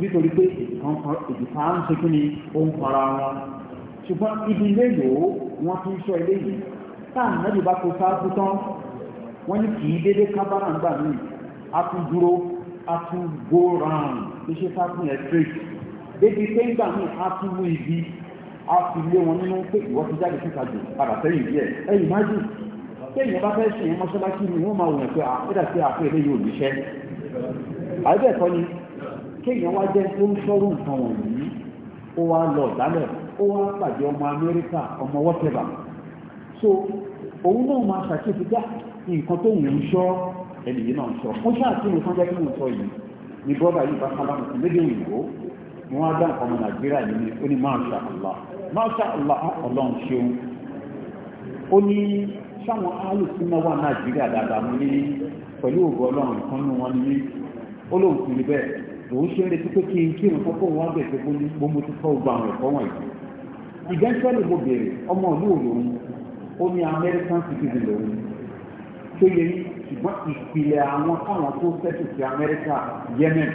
nítorí pé èjìká ń ṣe kí ni ó ń kanra wọn ṣùgbọ́n ibi mélòó wọ́n ti ń sọ ilé yìí táà nàbì bá kó sáájú tán wọ́n ní kì í dédé kábàrà ńgbà míì a tún dúró a tún go round ló ṣe sáájú yẹn straight débi pé ńgbà míì a tún mú ibi a fi lé wọn nínú pé ìwọ ti jáde síta jù padà sẹ́yìn díẹ̀ ẹ̀yìn má jù téèyàn bá fẹ́ sìn mọ́ṣáláṣí ni wọ́n máa wọ̀nyẹ̀ pé àpẹ́dà sí àpẹ́ ilé yóò níṣẹ́ àbẹ́ẹ̀kọ́ ni kéèyàn wá jẹ́ tó ń sọ́rù nǹkan wọ̀nyí ó wá lọ dálẹ̀ ó wá pàdé ọmọ amẹ́ríkà ọmọ wọ́tẹ̀bà so òun náà máa ṣàkíyèsí dá ah, nǹkan tó wù ú ṣọ́ ẹnì yìí náà ṣọ́ ó ṣàkíyèsí kan jẹ́ kí mo sọ yìí ni bọ́dà yìí bá sábà mọ̀ lédè òyìnbó mo wá dá nǹkan ọmọ nàìjíríà yìí ni ó ní masha Allah masha Allah ọlọ́run ṣeun ó ní sáwọn áyù tí wọ́n wà nàìjíríà dáadáa mo ní pẹ̀lú ògo ọlọ́run kan ní wọn ní ó lóun kùn níbẹ̀ lòun ṣe é retí pé kí n kírun fọ́ gbogbo àwọn ẹ̀kọ́ eventually mo bèrè ọmọ ìlú òyòrùn ó ní American citizen lòun tó yẹ ní ṣùgbọ́n ìpìlẹ̀ àwọn káwọn tó sẹ́tù sí America Yemen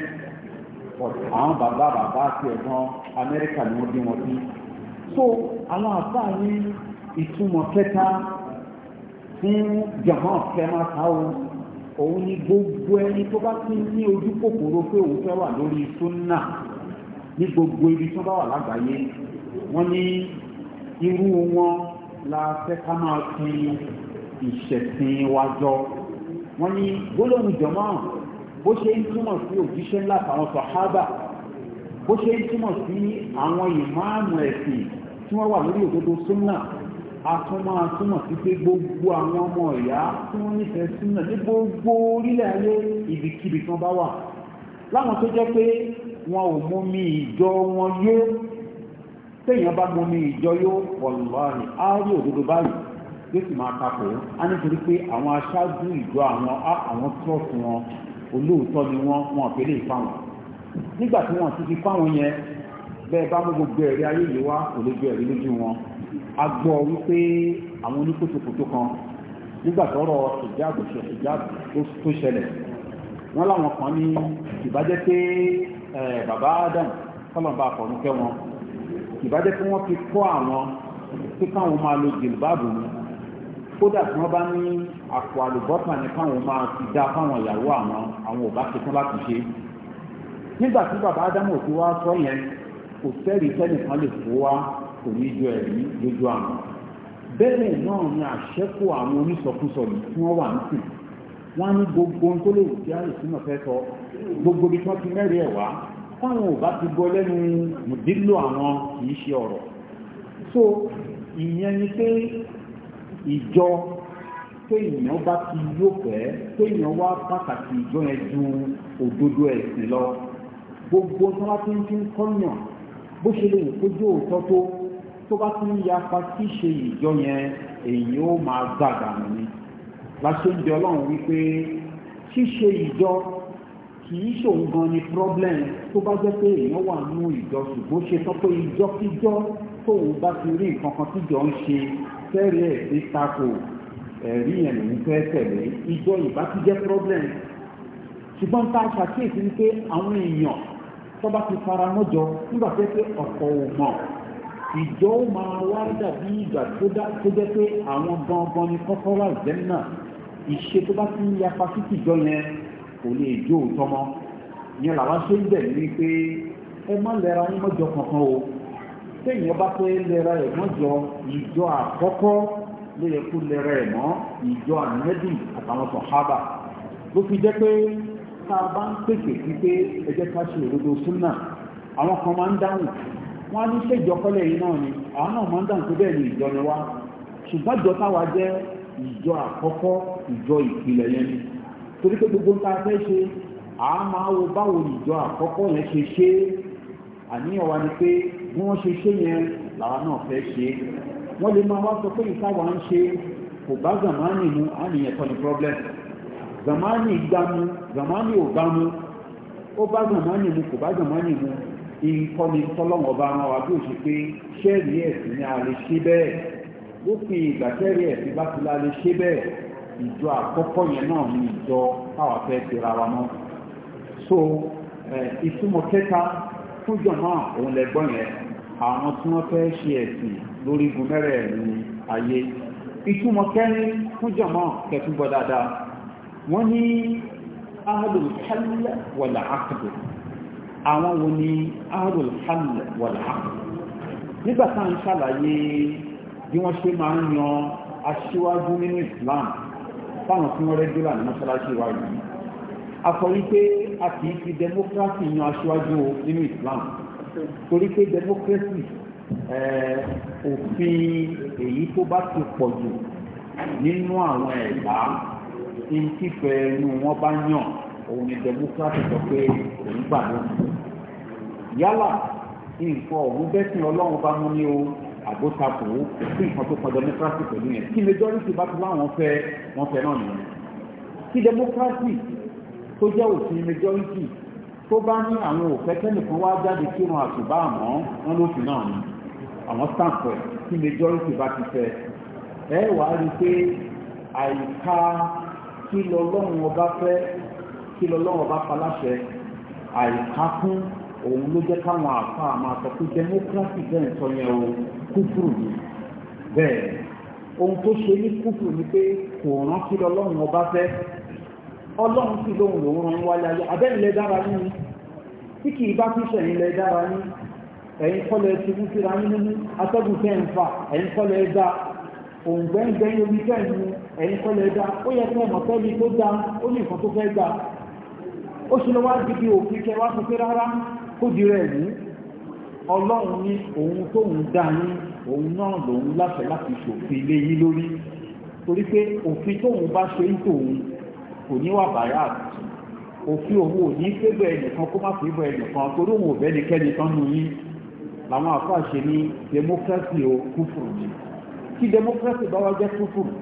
àwọn bàbá bàbá àti ẹ̀gbọ́n America ni wọ́n bí wọn sí so àwọn àbá ní ìtumọ̀ kẹta fún jahan fẹ́mà táwọn òun ni gbogbo ẹni tó bá ti ní ojú kòkòrò pé òun fẹ́ wà lórí sunna ní gbogbo ibi tó bá wà lágbàáyé wọ́n ní irú wọn la fẹ́ ká máa fi ìṣẹ̀sìn wa jọ wọ́n ní gbólóhùn jọmọ́ bó ṣe ń túmọ̀ sí òjíṣẹ́ ńlá àtàwọn sọ̀hábà bó ṣe ń túmọ̀ sí àwọn ìmáàmù ẹ̀sìn tí wọ́n wà lórí òdodo súnà a tún máa túmọ̀ sí pé gbogbo àwọn ọmọ ìyá tí wọ́n nífẹ̀ẹ́ súnà ní gbogbo orílẹ̀ ayé ibikíbi tí wọ́n bá wà láwọn tó jẹ́ pé wọn ò mú mi ìjọ wọn yóò téèyàn bá mú ní ìjọ yóò wọ̀lọ́ọ̀rìn á rí òdodo báyìí yóò sì máa takò á nítorí pé àwọn aṣáájú ìjọ àwọn á àwọn trọ́ọ̀sì wọn olóòótọ́ ni wọ́n wọn àpẹẹlẹ ìfáwọn nígbà tí wọ́n ti fi fáwọn yẹn bẹ́ẹ̀ bá mú gbogbo ẹ̀rí ayé yìí wá kò lè ju ẹ̀rí lójú wọn a gbọ́ wípé àwọn oníkótókótó kan nígbà tọ́rọ̀ ìjáàbò ṣe ìjáàbò tó ṣẹlẹ̀ wọ́n láwọn kan ní ìbájẹ́ pé bàbá Adam kọ́lọ̀ bá àfọ̀nù kẹ́ wọn ìbájẹ́ pé wọ́n fi kọ́ àwọn pé káwọn máa lo jìlbáàbù ni kódà tí wọ́n bá ní àpò àlùbọ́sà ni káwọn máa ti dá fáwọn ìyàwó àwọn àwọn òbá ṣetán láti ṣe nígbà tí bàbá ádámù ti wá sọ yẹn kò sẹ́rìí sẹ́nìkan lè fò wá kò ní jọ ẹ̀rí lójú àwọn bẹ́ẹ̀ náà ni àṣẹ́kù àwọn onísọkúsọ yìí tí wọ́n wà ń sìn wọ́n á ní gbogbo ohun tó lè wù kí á lè súnmọ́ fẹ́ sọ gbogbo ibi tí wọ́n ti mẹ́rin ẹ̀ wá táwọn ò bá ti gbọ́ lẹ́nu mùdílò àwọn kìí ṣe ọ̀rọ̀ so ìyẹn ni pé ìjọ téèyàn bá ti yó fẹ́ téèyàn wá pàtàkì ìjọ yẹn ju òdodo ẹ̀sìn lọ gbogbo tí wọ́n ti ń fi ń kọ́yàn bó ṣe lè kójú òótọ́ tó tó bá ti ń yapa kí ṣe ìjọ yẹn èyí ó máa gbàgbà nìyí la ṣe ọlọ́run wípé ṣíṣe ìjọ kì í ṣòun gan ni problem tó bá jẹ́ pé èèyàn wà nínú ìjọsìn bó ṣe tán pé ìjọkíjọ́ tóun bá ti rí nǹkan kan tíjọ ń ṣe fẹ́rẹ̀ ẹ̀ sí tako ẹ̀rí yẹn lòún fẹ́ tẹ̀lé ìjọ ìbá ti jẹ́ problem ṣùgbọ́n tá a ṣàkíyèsí ni pé àwọn èèyàn tó bá ti fara mọ́jọ nígbà tó pé ọ̀pọ̀ ò mọ̀ ìjọ ó máa wá dàbí ìgbà tó jẹ́ pé àwọn gangan ni kọ́kọ́rọ́ àjẹ́ náà ìṣe tó bá ti ń yapa sí tìjọ yẹn kò lè jó òótọ́ mọ́ ìyẹn làwọn ṣe ń bẹ̀ ní pé ẹ má lẹ́ra yín mọ́jọ kankan o téèyàn bá fẹ́ lẹ́ra ẹ̀ mọ́jọ ìjọ àkọ́kọ́ ló yẹ kó lẹ́ra ẹ̀ mọ́ ìjọ ànẹ́bì àtàwọn sọ̀hábà ló fi jẹ́ pé tá a bá ń pèsè sí pé ẹ jẹ́ ká ṣe òdodo súnà àwọn kan máa ń dáhùn wọn á ní ṣèjọ kọ́lẹ̀ yìí náà ni àwọn náà máa ń dáhùn tó bẹ́ẹ̀ ni ìjọ ni wá ṣùgbọ́n ìjọ táwa jẹ́ ìjọ àkọ́kọ́ ìjọ ìpìlẹ̀ yẹn ni torí pé gbogbo nǹkan fẹ́ ṣe à á máa wo báwo ìjọ àkọ́kọ́ yẹn ṣe ṣe àníyàn wa ni pé bí wọ́n ṣe ṣe yẹn làwa náà fẹ́ ṣe wọ́n lè máa wá sọ pé ìsáwà ń ṣe kò bá zamani mu á nìyẹn kọ́ ni problem zamani gbámu zamani ò gbámu ó bá zamani mu kò bá zamani mu ìkọ́ni tọ́lọ́wọ́ bá wọn wá bí ó ṣe pé ṣẹ́ẹ̀rì ẹ̀sìn ni a lè ṣe bẹ́ẹ̀ ó fi ìgbà ṣẹ́ẹ̀rì ẹ̀sìn bá ti la lè ṣe bẹ́ẹ̀ ìjọ àkọ́kọ́ yẹn náà ní ìjọ táwa fẹ́ tẹ̀ra wa mọ́ so ìtumọ̀ kẹta fújọ náà òun lẹ́gbọ́n yẹn àwọn tí wọ́n fẹ́ ṣe ẹ̀sìn lórí igun mẹ́rẹ̀ẹ̀rin ayé ìtumọ̀ kẹrin fújọ náà kẹtùgbọ́ dáadáa wọ́n ní ahadul hall wal aqd àwọn wo ni ahadul hall wal aqd nígbà tá ń ṣàlàyé bí wọ́n ṣe máa ń yan aṣíwájú nínú Islam fáwọn tí wọ́n rẹ́gúlà ní mọ́ṣáláṣí wa yìí afọ wípé a kì í fi democracy yan aṣáájú nínú Islam torí pé democracy òfin èyí tó bá ti pọ̀ jù nínú àwọn ẹ̀dá ìtìfẹ́ inú wọn bá yàn òun ni democracy sọ pé òun gbà lónìí yálà nǹkan ọ̀hún bẹ́sìn ọlọ́run bá mú ní o àbótakò sí nǹkan tó kọjá democracy pẹ̀lú yẹn kí majority bá ti láwọn fẹ́ wọ́n fẹ́ náà nìyẹn kí democracy tó jẹ́ òfin majority tó bá ní àwọn òfẹ́ kẹ́nìkan wá jáde kí wọn àtúbà àmọ́ wọn lófin náà ni àwọn stamp ẹ̀ kí majority bá ti fẹ́ ẹ wàá rí i pé àyíká kí lọ́lọ́run ọba fẹ́ kí lọ́lọ́run ọba paláṣẹ àyíká fún òun ló jẹ́ káwọn àfa máa sọ pé democracy bẹ́ẹ̀ sọ yẹn o kúfùrù ni bẹ́ẹ̀ ohun tó ṣe ní kúfùrù ni pé kò rántí lọ́lọ́run ọba fẹ́ ọlọ́run sì lóhun lòún ran wálé ayé abẹ́nilẹ̀ dára nínú tí kì í bá tún ṣẹ̀yìn lẹ̀ dára nínú ẹ̀yin kọ́lẹ̀ ti mú síra nínú atẹ́gùn tẹ́ ń fa ẹ̀yin kọ́lẹ̀ dá òǹgbẹ́ngbẹ́yìn omi tẹ́ ń mu ẹ̀yin kọ́lẹ̀ dá ó yẹ kí ọmọ tẹ́lẹ̀ ó ṣe lọ wá dìbí òfin kẹ wá sọ pé rárá kó di rẹ̀ mú ọlọ́run ní òun tóun dá yín òun náà lòun láṣẹ láti ṣòfin lé yín lórí torí pé òfin tóun bá ṣe ń tòun kò ní wà bàyà òfin òun ò ní fébẹ̀ ẹnìkan kó má fébẹ̀ ẹnìkan torí òun ò bẹ́ni kẹ́ni tán nu yín làwọn àfáà ṣe ní democracy o kúfùrù ni kí democracy bá wá jẹ́ kúfùrù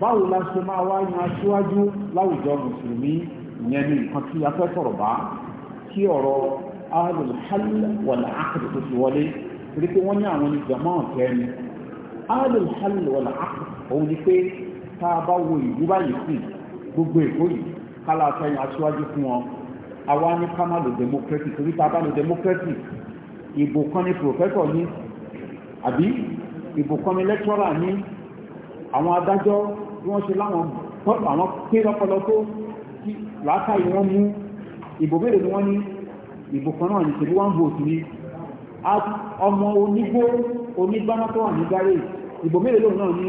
báwo la ṣe máa wá yan aṣíwájú láwùjọ mùsùlùmí ìyẹn ní nǹkan tí a fẹ́ sọ̀rọ̀ bá kí ọ̀rọ̀ ahlul hal wal aqd tó ti wọlé torí pé wọ́n ní àwọn ní jama ọ̀kẹ́ ni ahlul hal wal aqd òun ni pé tá a bá wo ìlú báyìí sí gbogbo èkó yìí kálá afẹ́yìn aṣíwájú fún wọn àwa ní ká má lo democracy torí tá a bá lo democracy ìbò kan ní professor ní àbí ìbò kan ní lecturer ní àwọn adájọ́ bí wọ́n ṣe láwọn pé lọ́pọ̀lọpọ̀ làákà yìí wọ́n mú ìbò mélòó ni wọ́n ní ìbò kan náà ní tèmi one vote ni ọmọ onígbó onígbáná tó wà ní gáré ìbò mélòó náà ní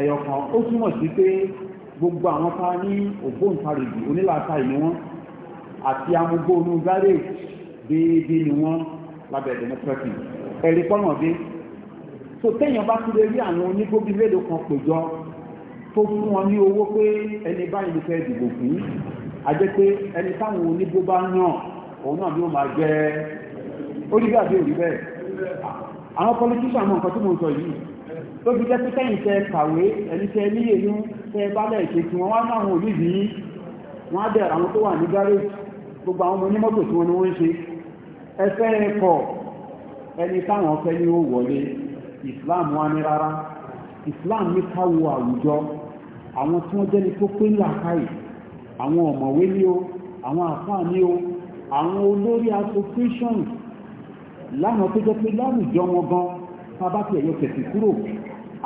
ẹ̀yọ̀ kan ó túmọ̀ sí pé gbogbo àwọn ta ní ògbóǹtarìgì onílàáta ìní wọn àti amúgbó onú gáré déédéé ni wọ́n lábẹ́ democracy ẹ̀rí pọ́nà dé so téèyàn bá ti lè rí àwọn onígbó bíi mélòó kan pè jọ tó fún wọn ní owó pé ẹni báyìí ló fẹ́ dìbò fún àjẹ́ pé ẹni táwọn oníbó bá yàn òun náà ni ó máa jẹ́ orígbàdé òrí bẹ́ẹ̀ àwọn politician mọ̀ nǹkan tí mo sọ yìí tó fi jẹ́ pé kẹ́yìn tẹ kàwé ẹni tẹ níyè ní tẹ bálẹ̀ ìṣe tí wọ́n wá ní àwọn òlú yìí wọ́n á bẹ̀rẹ̀ àwọn tó wà ní gáréjì gbogbo àwọn ọmọ onímọ́tò tí wọ́n ni wọ́n ń ṣe ẹfẹ́ ẹ̀kọ́ ẹni táwọn fẹ́ ní ó wọlé Islam wá ní rárá Islam ní ká wo àwùjọ àwọn tí wọ́n jẹ́ni tó pé làákàyè àwọn ọ̀mọ̀wé ni o àwọn àfáà ni o àwọn olórí association láwọn tó jẹ́ pé láwùjọ wọn gan bàbá tí ẹ̀yọ kẹ̀sì kúrò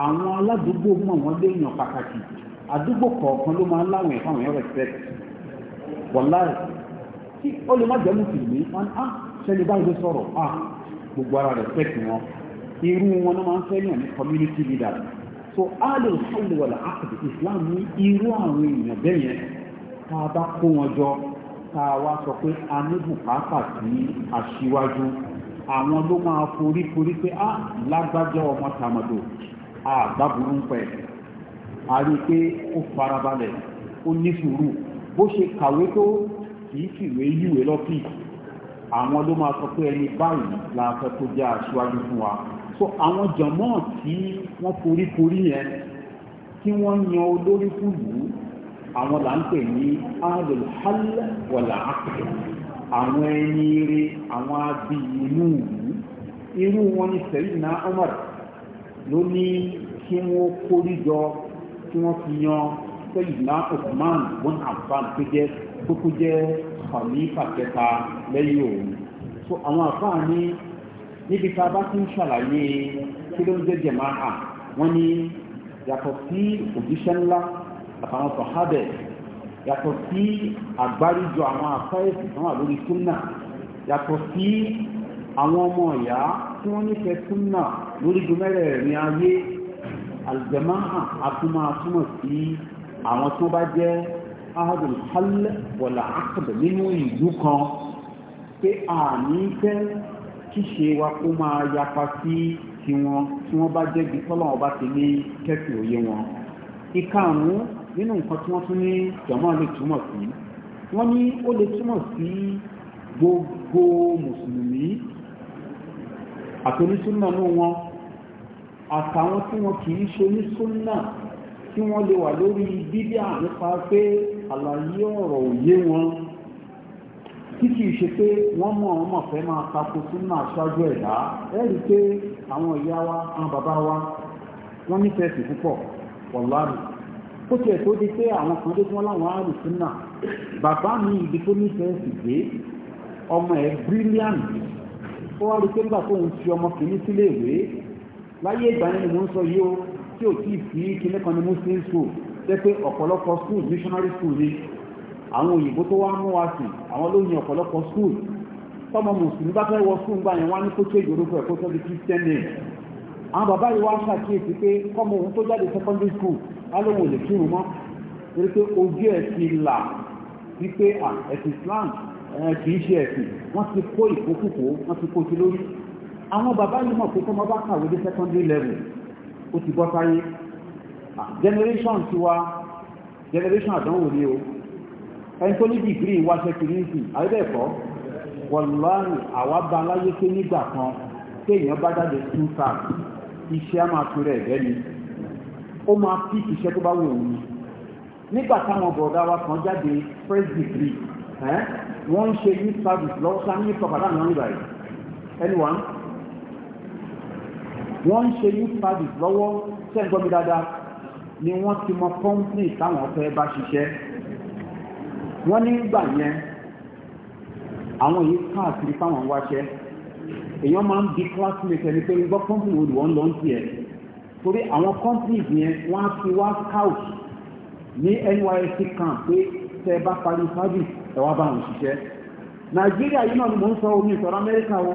àwọn aládùúgbò mọ̀ wọ́n léèyàn pàtàkì àdúgbò kọ̀ọ̀kan ló máa ń láwọn ẹ̀fọ́ àwọn ẹ̀rọ ìfẹ́ wọ̀láì tí ó lè má jẹ́ mùsùlùmí wọn á ṣẹlẹ̀ báyìí ló sọ̀rọ̀ gbogbo ara rẹ̀ fẹ́ kí wọn irú wọn náà máa ń fẹ́ yàn ní community leader so alul halli wal aqdi islam ní irú àwọn èèyàn bẹ́ẹ̀ yẹn tá a bá kó wọn jọ tá a wá sọ pé a ní bùkátà sí aṣíwájú àwọn ló máa forí forí pé a ah, lágbájá ọmọ tàmọ̀dò àgbà burú ń pẹ̀ a rí i pé ó farabalẹ̀ ó ní sùúrù bó ṣe kàwé tó kì í fìwé yíwèé lọ́fíì àwọn ló máa sọ pé ẹni báyìí la fẹ́ kó jẹ́ aṣíwájú fún wa so àwọn jọ̀mọ́ tí wọ́n foríkorí yẹn tí wọ́n yan olórí fúlù àwọn là ń pè ní alùhàl wọ̀là àpè àwọn ẹni eré àwọn abí inú ìlú irú wọn ni sẹ́yìnà Umar ló ní kí wọ́n kórí jọ kí wọ́n fi yan sẹ́yìnà Usman bin Affan tó jẹ́ kókó jẹ́ khalifa kẹta lẹ́yìn òun àwọn àfáà ní níbi tá a bá ti ń ṣàlàyé kí ló ń jẹ́ jẹ̀máà wọ́n ní yàtọ̀ sí òjíṣẹ́ ńlá àtàwọn sọ̀hábẹ̀ yàtọ̀ sí àgbáríjọ àwọn afẹ́ẹ̀sì tó wà lórí súnà yàtọ̀ sí àwọn ọmọ ìyá tí wọ́n nífẹ̀ẹ́ súnà lórí gbẹmẹ́rẹ̀ẹ̀rin ayé àlùjẹ̀máà àtúmọ̀ àtúmọ̀ sí àwọn tó bá jẹ́ ahadul hal wọ̀là akad nínú ìlú kan pé àní fẹ́ kíṣe wa kó máa yapa sí tiwọn tí wọ́n bá jẹ́bi tọ́lọ́wọ́n bá ti ní kẹ́sì òye wọn. ìkarùn-ún nínú nǹkan tí wọ́n tún ní jọ̀mọ́ lè túmọ̀ sí wọ́n ní ó lè túmọ̀ sí gbogbo mùsùlùmí àtònísúnà ní wọn àtàwọn tí wọn kì í ṣe onísúnà tí wọ́n lè wà lórí bíbíà nípa pé àlàyé ọ̀rọ̀ òye wọn tí kì í ṣe pé wọ́n mú àwọn ọmọọ̀fẹ́ máa tako súnmọ́ aṣáájú ẹ̀dá ẹ rí i pé àwọn ìyá wa àwọn bàbá wa wọ́n nífẹ̀ẹ́ sí púpọ̀ wọ̀láàrù ó tiẹ̀ tó di pé àwọn kan dé tí wọ́n láwọn àrùn súnmọ́ bàbá mi ibi tó nífẹ̀ẹ́ sì dé ọmọ ẹ̀ brilliant ó wá rí i pé nígbà tó ń fi ọmọ kìíní sílé ìwé láyé ìgbà ni mò ń sọ yìí ó tí ò tí ì fi kíní kan ní muslim school jẹ́ pé ọ̀pọ̀lọpọ̀ àwọn òyìnbó tó wá mú wa sí àwọn lóyìn ọ̀pọ̀lọpọ̀ skul tọmọ mùsùlùmí bá fẹ́ wọ skul gbà yẹn wá ní kó tó ìgbòrúkọ ẹ̀kọ́ tó di christian name àwọn bàbá yìí wá ṣàkíyèsí pé kọ́mọ òun tó jáde secondary school alóhùn òlè kírun mọ́ torí pé ojú ẹ̀ ti là wípé ẹ̀sìn Islam kì í ṣe ẹ̀sìn wọ́n ti kó ìkókùkó wọ́n ti kó ti lórí àwọn bàbá yìí mọ̀ pé tọmọ bá kàwé dé secondary level ó ti bọ́ sáyé generation tiwa generation àdánwò ni o ẹni tó ní dìgírì wáṣẹ́ kìrìsì àyẹ́bẹ̀ẹ̀kọ́ wọ̀lọ́rùn àwa bá aláyé pé nígbà kan téèyàn bá jáde tún ká iṣẹ́ á máa tún rẹ̀ lẹ́ni ó máa fi iṣẹ́ tó bá wù òun nígbà táwọn bọ̀dá wa kan jáde first degree wọ́n ń ṣe youth service lọ́wọ́ sá ní ìfọ̀kàdá náà ń bàyìí anyone wọ́n ń ṣe youth service lọ́wọ́ sẹ́ńgọ́mi dáadáa ni wọ́n ti mọ company táwọn fẹ́ bá ṣiṣẹ́ wọ́n ní gbà yẹn àwọn yìí káàkiri fáwọn wáṣẹ́ èèyàn máa ń bi classmate ẹni pé gbọ́ company wo ni wọ́n lọ ń tiẹ̀ torí àwọn companies yẹn wọ́n á fi wá couch ní NYSC camp pé tẹ́ ẹ bá parí service ẹ wá bá wọn ṣiṣẹ́ Nàìjíríà yìí náà ni mò ń sọ omi ìsọ̀rọ̀ Amẹ́ríkà o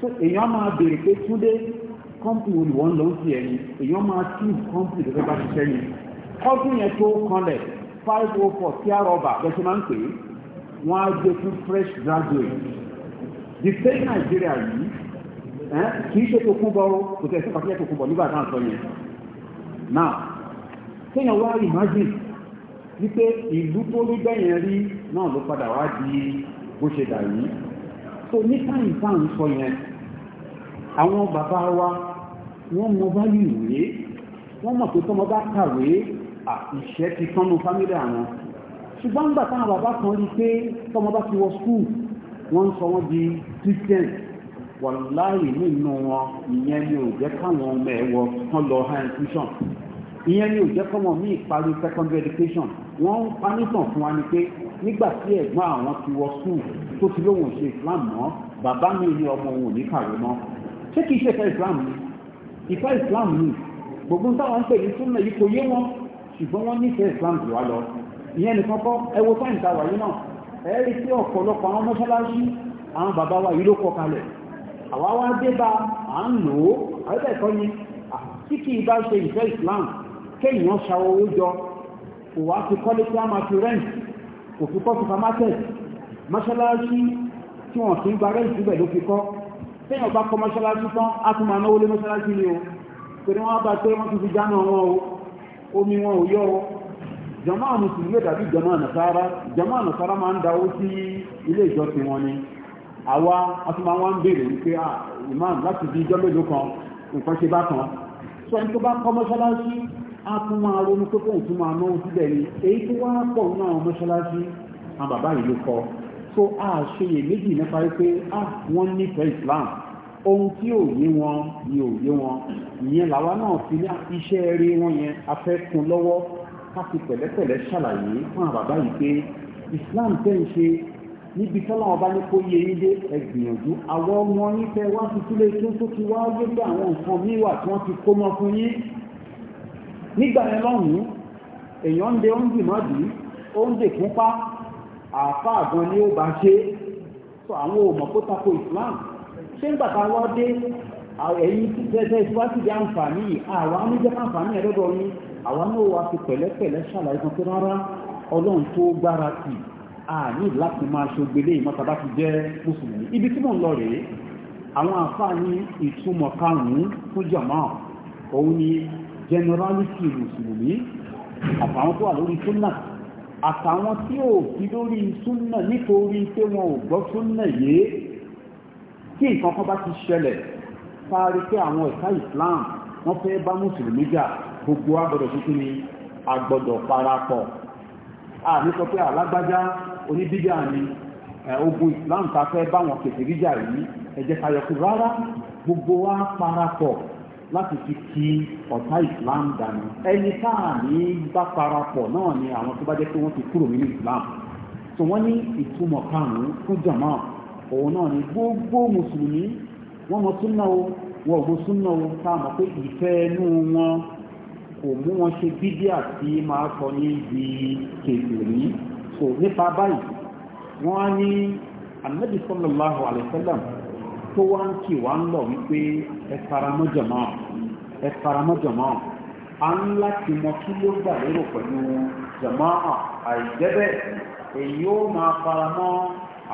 so èèyàn máa béèrè pé Túndé company wo ni wọ́n lọ ń tiẹ̀ ni èèyàn máa choose company tó fẹ́ bá ṣiṣẹ́ ni company yẹn tó kanlẹ̀ five oh four tí a rọba bẹ́sẹ̀ máa ń pè é wọ́n á gbé fún fresh graduate the same Nigeria yìí kì í ṣe tó kún bọ́ kò tẹ̀ sí pàṣẹ tó kún bọ́ nígbà tá à ń sọ yẹn now kéèyàn wá imagine wípé ìlú tó ló gbẹ̀yìn rí náà ló padà wá di bó ṣe dà yìí so ní táyì tá à ń sọ yẹn àwọn bàbá wa wọ́n mọ báyìí ìwé wọ́n mọ̀ pé tọ́mọ bá kàwé ìṣẹ́ ti tán nu fámílì àwọn ṣùgbọ́n nígbà táwọn bàbá kan rí pé tọmọ bá ti wọ skul wọ́n ń sọ wọ́n di christian wàláyé nínú wọn ìyẹn ni ò jẹ́ káwọn ọmọ ẹ̀ wọ kán lọ high institution ìyẹn ni ò jẹ́ kọ́mọ mí parí secondary education wọ́n ń panítàn fún wa ni pé nígbà tí ẹ̀gbọ́n àwọn ti wọ skul tó ti lóun ṣe islam mọ́ bàbá mi ní ọmọ òun ò ní kàwé mọ́ ṣé kìí ṣe ìfẹ́ islam ni ìfẹ́ islam ni gbogbo táwọn ń pè ní súnmọ́ yìí kò yé wọn ṣùgbọ́n wọ́n nífẹ̀ẹ́ Islam jù wá lọ ìyẹn nìkan kọ́ ẹ wo fáìn ta wàyí náà ẹ rí sí ọ̀pọ̀lọpọ̀ àwọn mọ́ṣáláṣí àwọn bàbá wa yìí ló kọ kalẹ̀ àwa wá dé bá à ń lò ó àbẹ́bẹ̀ kọ́ ni tí kì í bá ṣe ìfẹ́ Islam kéèyàn ṣa owó jọ kò wá fi kọ́lé tí a máa fi rent kò fi kọ́ supermarket mọ́ṣáláṣí tí wọ́n fi ń gba rent síbẹ̀ ló fi kọ́ téèyàn bá kọ́ mọ́ṣáláṣí tán á tún máa náwó lé mọ́ṣáláṣí ni o pé wọ́n bá pé wọ́n ti fi dáná wọn o omi wọn ò yọ jàmáà mùsùlùmí yóò dàbí jàmáà nàṣàrà jàmáà nàṣàrà máa ń dáwó sí ilé ìjọsìn wọn ni àwa atúmọ̀ wọn ń béèrè wípé ah, imam láti di ijọ́ mélòó kan nǹkan ṣe bá kan sọ ní tó bá kọ́ mọ́ṣáláṣí á tún máa ronú pé kóun tún máa náwó síbẹ̀ ni èyí tó wá pọ̀ nínú àwọn mọ́ṣáláṣí àwọn bàbá a ṣe iyèméjì nípa wípé ah, Islam ohun tí ò yé wọn ni ò yé wọn ìyẹn làwa náà fi ní iṣẹ́ rí wọn yẹn afẹ́kun lọ́wọ́ ká fi pẹ̀lẹ́pẹ̀lẹ́ ṣàlàyé fún àwọn bàbá yìí pé Islam tẹ̀ ń ṣe níbi tọ́lá ọba ní kó yé yín dé ẹ gbìyànjú àwọn ọmọ yín fẹ́ wá sí sílé tó tó ti wá gbégbé àwọn nǹkan míì wà tí wọ́n ti kó mọ́ fún yín nígbà yẹn lọ́hùn-ún èèyàn ń de oúnjẹ náà dì í oúnjẹ kúpa àáfàá gan ni ó bá ṣe so àwọn ò kó tako Islam ṣé ń bàtà wọ́n dé ẹ̀yìn tẹ́tẹ́ ìfúwásí di àǹfààní yìí àwọn amújẹ́ àǹfààní ẹ̀rọ ni àwọn náà wá fi pẹ̀lẹ́pẹ̀lẹ́ ṣàlàyé kan pé rárá ọlọ́run tó gbára sí àní láti máa ṣogbélé ìmọ̀tàbá ti jẹ́ mùsùlùmí ibi tí mò ń lọ rèé àwọn àǹfààní ìtumọ̀ karùn-ún fún jọ̀mọ́ òun ni generality mùsùlùmí àtàwọn tó wà lórí súnà àtàwọn tí ò fi lórí súnà nítorí pé wọn ò gbọ́ súnà yìí tí nǹkan kan bá ti ṣẹlẹ̀ fárí pé àwọn ẹ̀ka Islam wọ́n fẹ́ bá mùsùlùmí jà gbogbo agbọ́dọ̀ tuntun ni agbọ́dọ̀ parapọ̀ a ní sọ pé alágbájá oníbíjà ni ogun Islam ta fẹ́ báwọn kèfèrí jà yìí ẹ̀jẹ̀ kayọ̀kú rárá gbogbo wa parapọ̀ láti fi ti ọ̀tá Islam dànù ẹni táà ní bá parapọ̀ náà ni àwọn tó bá jẹ́ pé wọ́n ti kúrò nínú Islam so wọ́n ní ìtumọ̀ karùn-ún fún jàmáà òun náà ni gbogbo mùsùlùmí wọ́n mọ súnà o wọ́n ò mọ o tá pé ìfẹ́ inú wọn kò mú wọn ṣe bídíà tí máa sọ ní ibi kèfèrí so nípa báyìí wọ́n á ní alayhi tó wá ń kì wá ń lọ wípé ẹ ẹ a ń láti mọ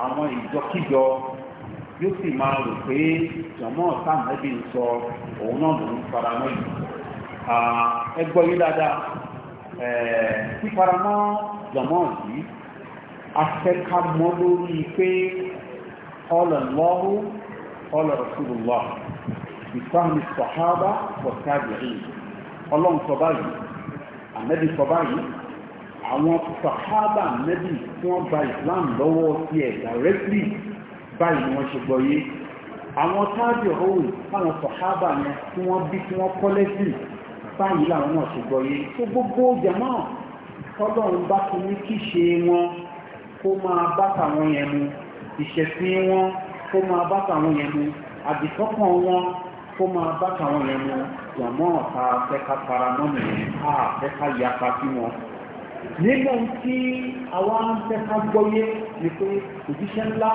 àwọn ìjọkíjọ yóò sì máa rò pé jọ̀mọ́ sàmẹ́bí ń sọ òun náà lòún faramọ́ yìí ẹ gbọ́ yín dáadáa fífaramọ́ jọ̀mọ́ yìí afẹ́ká mọ́ lórí pé qala Allahu qala Rasulullah ìfáhùn sàhábà pọ̀ sáàbì sọ báyìí àmẹ́bí sọ báyìí àwọn sàhábà nẹ́bì tí wọ́n gba islam lọ́wọ́ sí ẹ̀ directly báyìí ni wọ́n ṣe gbọ́ yé àwọn táàbì ọ̀hún táwọn sàhábà yẹn tí wọ́n bí tí wọ́n kọ́ lẹ́sìn báyìí làwọn náà ṣe gbọ́ yé tó gbogbo jẹ̀mọ́ tọ́lọ́run bá ti ní kí ṣe wọn kó máa bá tàwọn yẹn mu ìṣẹ̀sìn wọn kó máa bá tàwọn yẹn mu àdìsọ́kàn wọn kó máa bá tàwọn yẹn mu jẹ̀mọ́ ọ̀tá afẹ́ká paramọ́nì yẹn á afẹ́ká yapa sí wọn nígbà tí àwọn afẹ́ká gbọ́yé ni pé òjíṣẹ́ ńlá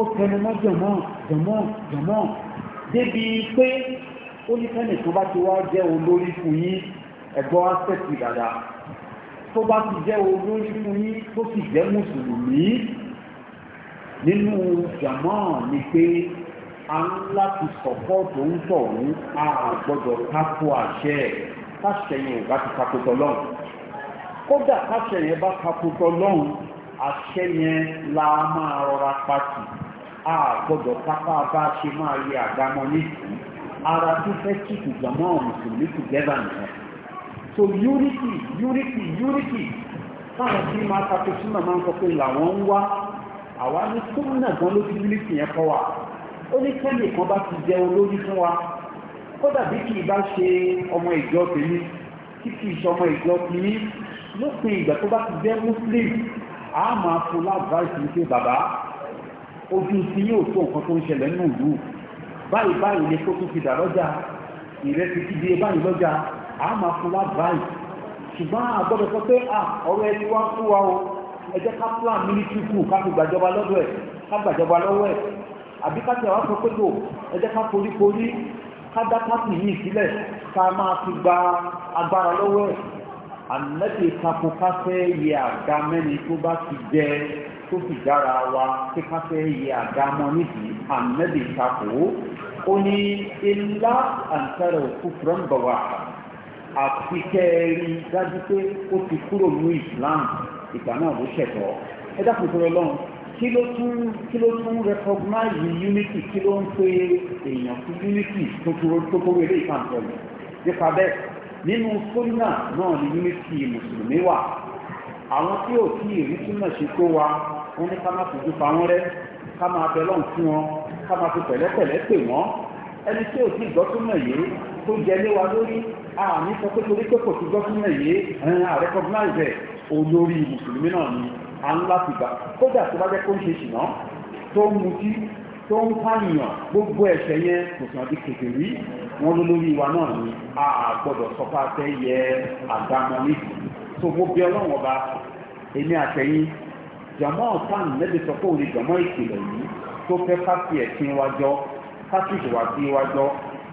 ó tẹnumọ́ jọ̀mọ́ jọ̀mọ́ jọ̀mọ́ débi pé ó ní fẹ́ni tó bá ti wá jẹ́ olórí fún yín ẹ̀gbọ́n aspect dada tó bá ti jẹ́ olórí fún yín tó sì jẹ́ mùsùlùmí nínú jàmọ́ ni pé a ń láti sọ̀pọ̀ tó ń tọ̀hún a gbọ́dọ̀ tako àṣẹ táṣẹyìn ò bá ti tako tọ́lọ́run kódà káṣẹ yẹn bá takùtọ lọ́hùn àṣẹ yẹn la máa rọra pàtì a gbọ́dọ̀ pápá bá ṣe máa yẹ àgbàmọ́ nísìnyí ara tó fẹ́ kíkù jàmọ́ mùsùlùmí tìgẹ́bà nìkan so unity unity unity táwọn tí máa takò súnmọ̀ máa ń sọ pé làwọn ń wá àwa ní súnmọ̀ gan ló ti unity yẹn kọ́ wa ó ní kẹ́lẹ̀ kan bá ti jẹ olórí fún wa kódà bí kì í bá ṣe ọmọ ìjọ tèmi tí kì í ṣe ọmọ ìjọ tèmi lópin ìgbà tó bá ti jẹ́ muslim a máa fún láàbáyé sí pé bàbá ojú ti yóò tó nǹkan tó ń ṣẹlẹ̀ nínú ìlú báyìí báyìí ni kó tún fi dà lọ́jà ìrẹsì ti di báyìí lọ́jà a máa fún láàbáyé ṣùgbọ́n a gbọ́dọ̀ sọ pé à ọ̀rọ̀ ẹni wá fún wa o ẹ jẹ́ ká plan military coup ká fi gbàjọba lọ́dọ̀ ẹ̀ ká gbàjọba lọ́wọ́ ẹ̀ àbí ká tẹ̀wá sọ pé tó ẹ jẹ́ ká forí forí ká dá pátì yìí sílẹ̀ ká máa fi gba agbára lọ́wọ́ ẹ̀ ànábì kakó káfẹ́ yẹ àga mẹ́ni tó bá ti jẹ tó fi dára wa kí káfẹ́ yẹ àga mọ́ nídìí ànábì kakó ó ní ilá àǹtẹ̀rẹ̀ òkú fúrọ́ǹbọ̀wà àti kẹ́ẹ̀rí dájú pé ó ti kúrò ní Islam ìgbà náà ló ṣẹ̀tọ́ ẹ dákun tó lọ lọ́run kí ló tún kí ló tún recognize unity kí ló ń pe èèyàn fún unity tó tó kórè ilé ìfàǹtọ̀ yìí nípa bẹ́ẹ̀ nínú súnà náà ni yúnítì mùsùlùmí wà àwọn tí ò tí ì rí súnà ṣe tó wa wọn ní ká má fojú pa wọn rẹ́ ká máa bẹ lọ́hùn fún wọn ká máa fi pẹ̀lẹ́pẹ̀lẹ́ pè wọ́n ẹni tí ò tí ì gbọ́ súnà yìí tó jẹ lé wa lórí àmì sọ pé torí pé kò ti gbọ́ súnà yìí ẹ̀hìn recognize olórí mùsùlùmí náà ni à ń láti gbà kódà tó bá jẹ́ kó ń ṣe ṣìnà tó ń mutí tó ń pànìyàn gbogbo ẹ̀ṣẹ̀ yẹn kò sàn di wọ́n ló lórí wa náà ni a gbọ́dọ̀ sọ́pá fẹ́ yẹ àdámọ́ níbi tó mo bí ọlọ́run ọba èmi àtẹ̀yìn jàmọ́ ọ̀sán lẹ́bi sọ pé òun ni jàmọ́ ìkìlọ̀ yìí tó fẹ́ pàṣẹ ẹ̀sìn wa jọ pàṣẹ ìwà sí wa jọ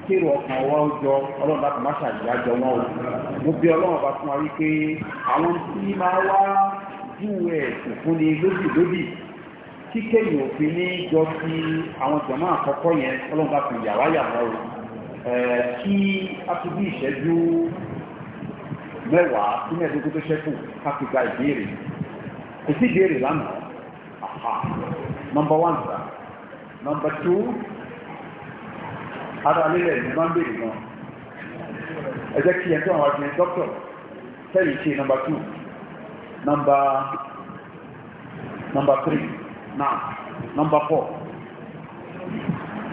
kéèrò ọkàn wa ó jọ ọlọ́run láti má ṣàyíyá jọ wọn o mo bí ọlọ́run ọba fún wa wípé àwọn tí máa wá júwe ẹ̀sìn fúnni lóbì lóbì kíkéyìn òfin ní jọ sí àwọn jàmọ́ àkọ́kọ́ yẹn ọlọ́run bá fi yàwá yàwá o. Eh, kí a fi bí ìṣẹ́jú mẹ́wàá sí mẹ́ẹ̀ẹ́dógún tó ṣẹ́kù ká fi gba ìbéèrè kò sí ìbéèrè lánàá àhà nọmba wán sá nọmba tó ara lílẹ̀ ní máa ń béèrè náà ẹ jẹ́ kí ẹ tó àwọn àjẹmí dókítọ̀ sẹ́yìn ṣe nọmba tó nọmba nọmba tírì náà nọmba fọ́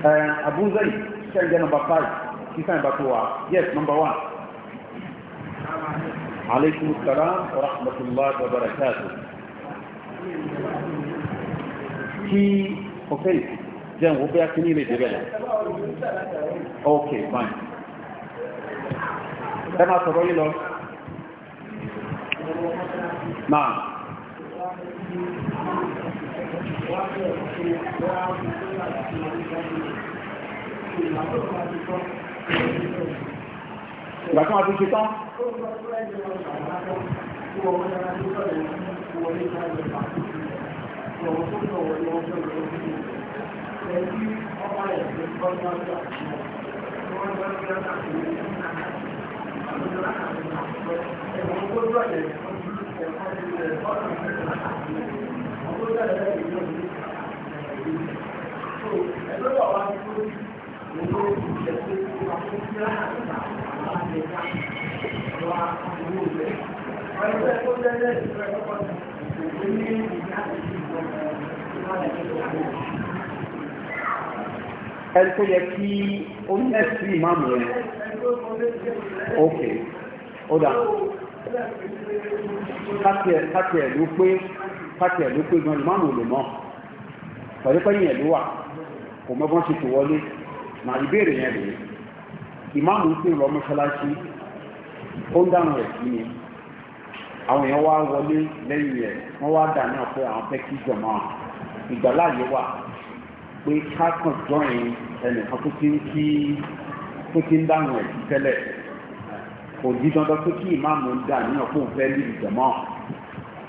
ẹ abúzẹ́yì sẹ́yìn jẹ́ nọmba fáìlì sísá ìbá tó wà yes number one alaikum salam wa rahmatullahi wa barakatuh kí ọ̀fẹ́ jẹun ó bẹ́ akíní lè dé ok fine ẹ máa sọ̀rọ̀ yìí lọ náà Thank you ìgbà tí wọ́n ti ṣe tán Thank you ẹni tó yẹ kí oníẹ̀sì ìmáàmù rẹ̀ ok ọ̀dà káàkiri ẹ̀ ló pé káàkiri ẹ̀ ló pé ìmáàmù lò mọ́ pẹ̀lú pẹ́yìn ẹ̀ ló wà kò mọ́ bọ́n ṣe tò wọlé na ìbéèrè yẹn rèé ìmáàmù ń sìn lọ mọ́ṣáláṣí ó ń dáhùn rẹ̀ sí ni àwọn èèyàn wá wọlé lẹ́yìn rẹ̀ wọ́n wá dà náà pé àwọn fẹ́ kí jọ̀mọ́ ìgbàláyé wà pé ká kàn jọyìn ẹnìkan tó ti ń kí tó ti ń dáhùn rẹ̀ sí tẹ́lẹ̀ kò di dandan pé kí ìmáàmù ń dà náà pé òun fẹ́ lè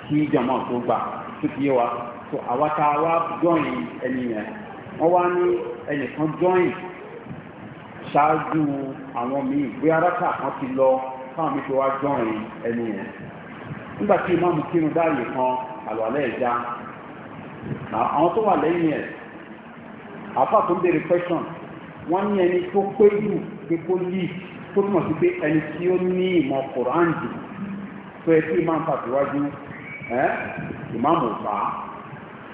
kí jọ̀mọ́ tó gbà tó ti yé wa tó tá a wá jọyìn ẹni yẹn wá ní ẹnìkan jọyìn. ṣáájú àwọn míì bóyá rákà kan ti lọ fáwọn mi tó wá jọrin ẹni yẹn nígbà tí ìmáàmù kírun dáàyè kan àlọ́lẹ́ ẹ̀já àwọn tó wà lẹ́yìn ẹ̀ àfa tó ń béèrè question wọ́n ní ẹni tó pé jù pé kó lì tó túmọ̀ sí pé ẹni tí ó ní ìmọ̀ koran jù tó yẹ kí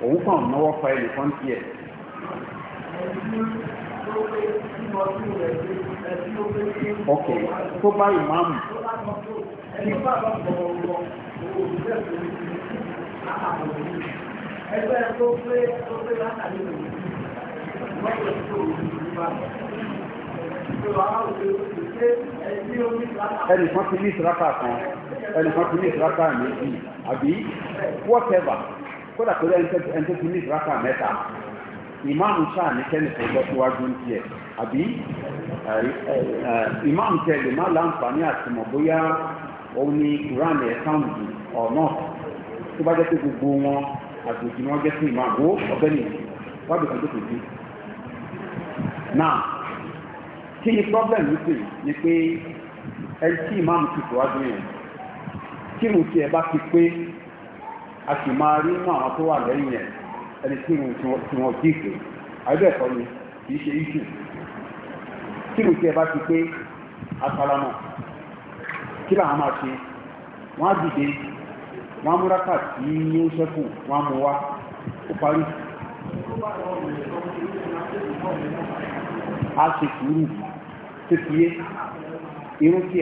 òun kàn náwó fa ẹnìkan ok tó bá ìmáàmù ẹgbẹ́ tó pé ti ní ìsiraka kan ẹnìkan ti ní ìsiraka méjì àbí whatever kódà tó lé ẹnìkan ti ní ìsiraka mẹ́ta ìmáàmù sáà ní kẹ́nìkan lọ síwájú ń tiẹ̀ àbí ìmáàmù tẹ̀lé má láǹfààní àti mọ̀ bóyá òun ni Quran ẹ̀ sáwùn jù ọ̀nà tó bá jẹ́ pé gbogbo wọn àjòjì wọn jẹ́ sí ìmáàmù ó ọ̀bẹ́ nìyí wábì kan tó kò sí. náà kí ni problem wípé ni pé ẹni tí ìmáàmù ti síwájú yẹn kírun tiẹ̀ bá ti pé a sì máa rí inú àwọn tó wà lẹ́yìn yẹn ẹni tí wọ́n kí ìpè àbẹ́ẹ̀kọ́ ni kì í ṣe iṣu kí ló ti ẹ bá ti pé asalamọ kí làwọn máa ṣe wọ́n á dìde wọ́n á múra kà sí ní ṣẹ́kù wọ́n á mú wá ó parí. a ṣe sùúrù tó fi yé irun tí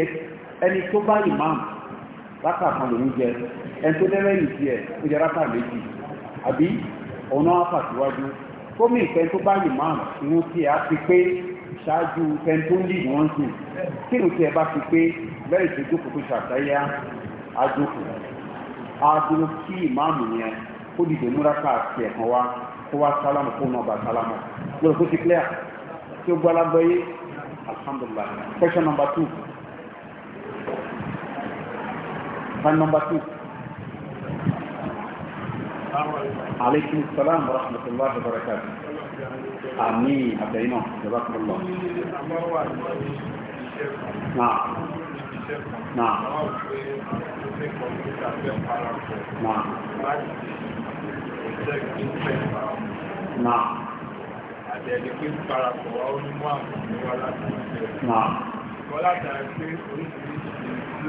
ẹni tó bá ìmáàmù rákà kan lòún jẹ ẹni tó dẹ́rẹ́ yìí tiẹ̀ ó jẹ rákà méjì àbí ọ̀nà àfàsíwájú gómìn ìfẹ́ tó bá yìí máa inú tí a ti pé ṣáájú fẹ́ni tó ń lì ní wọ́n sùn kí ìrùn tí ẹ bá ti pé bẹ́ẹ̀ tó jókòó tó ṣàtàyà àjòkù àdúró kí ìmáàmù yẹn kó dìde múra káàkiri ẹ̀kan wá kó wá sálámù kó náà bá sálámù lọ́dọ̀ tó ti clear tí ó gbalagbọ́ yé alhamdulilah question number two. Fan number two aleykum salaam wa rahmatullahi wa barakatuh àmì àtẹ̀yìn náà ìjọba kúrò lọ. náà náà náà náà àtẹ̀lé pé parapọ̀ wa ó ní mú àǹfààní wa láti ṣe. Ìkọ́ látara pé oríṣiríṣi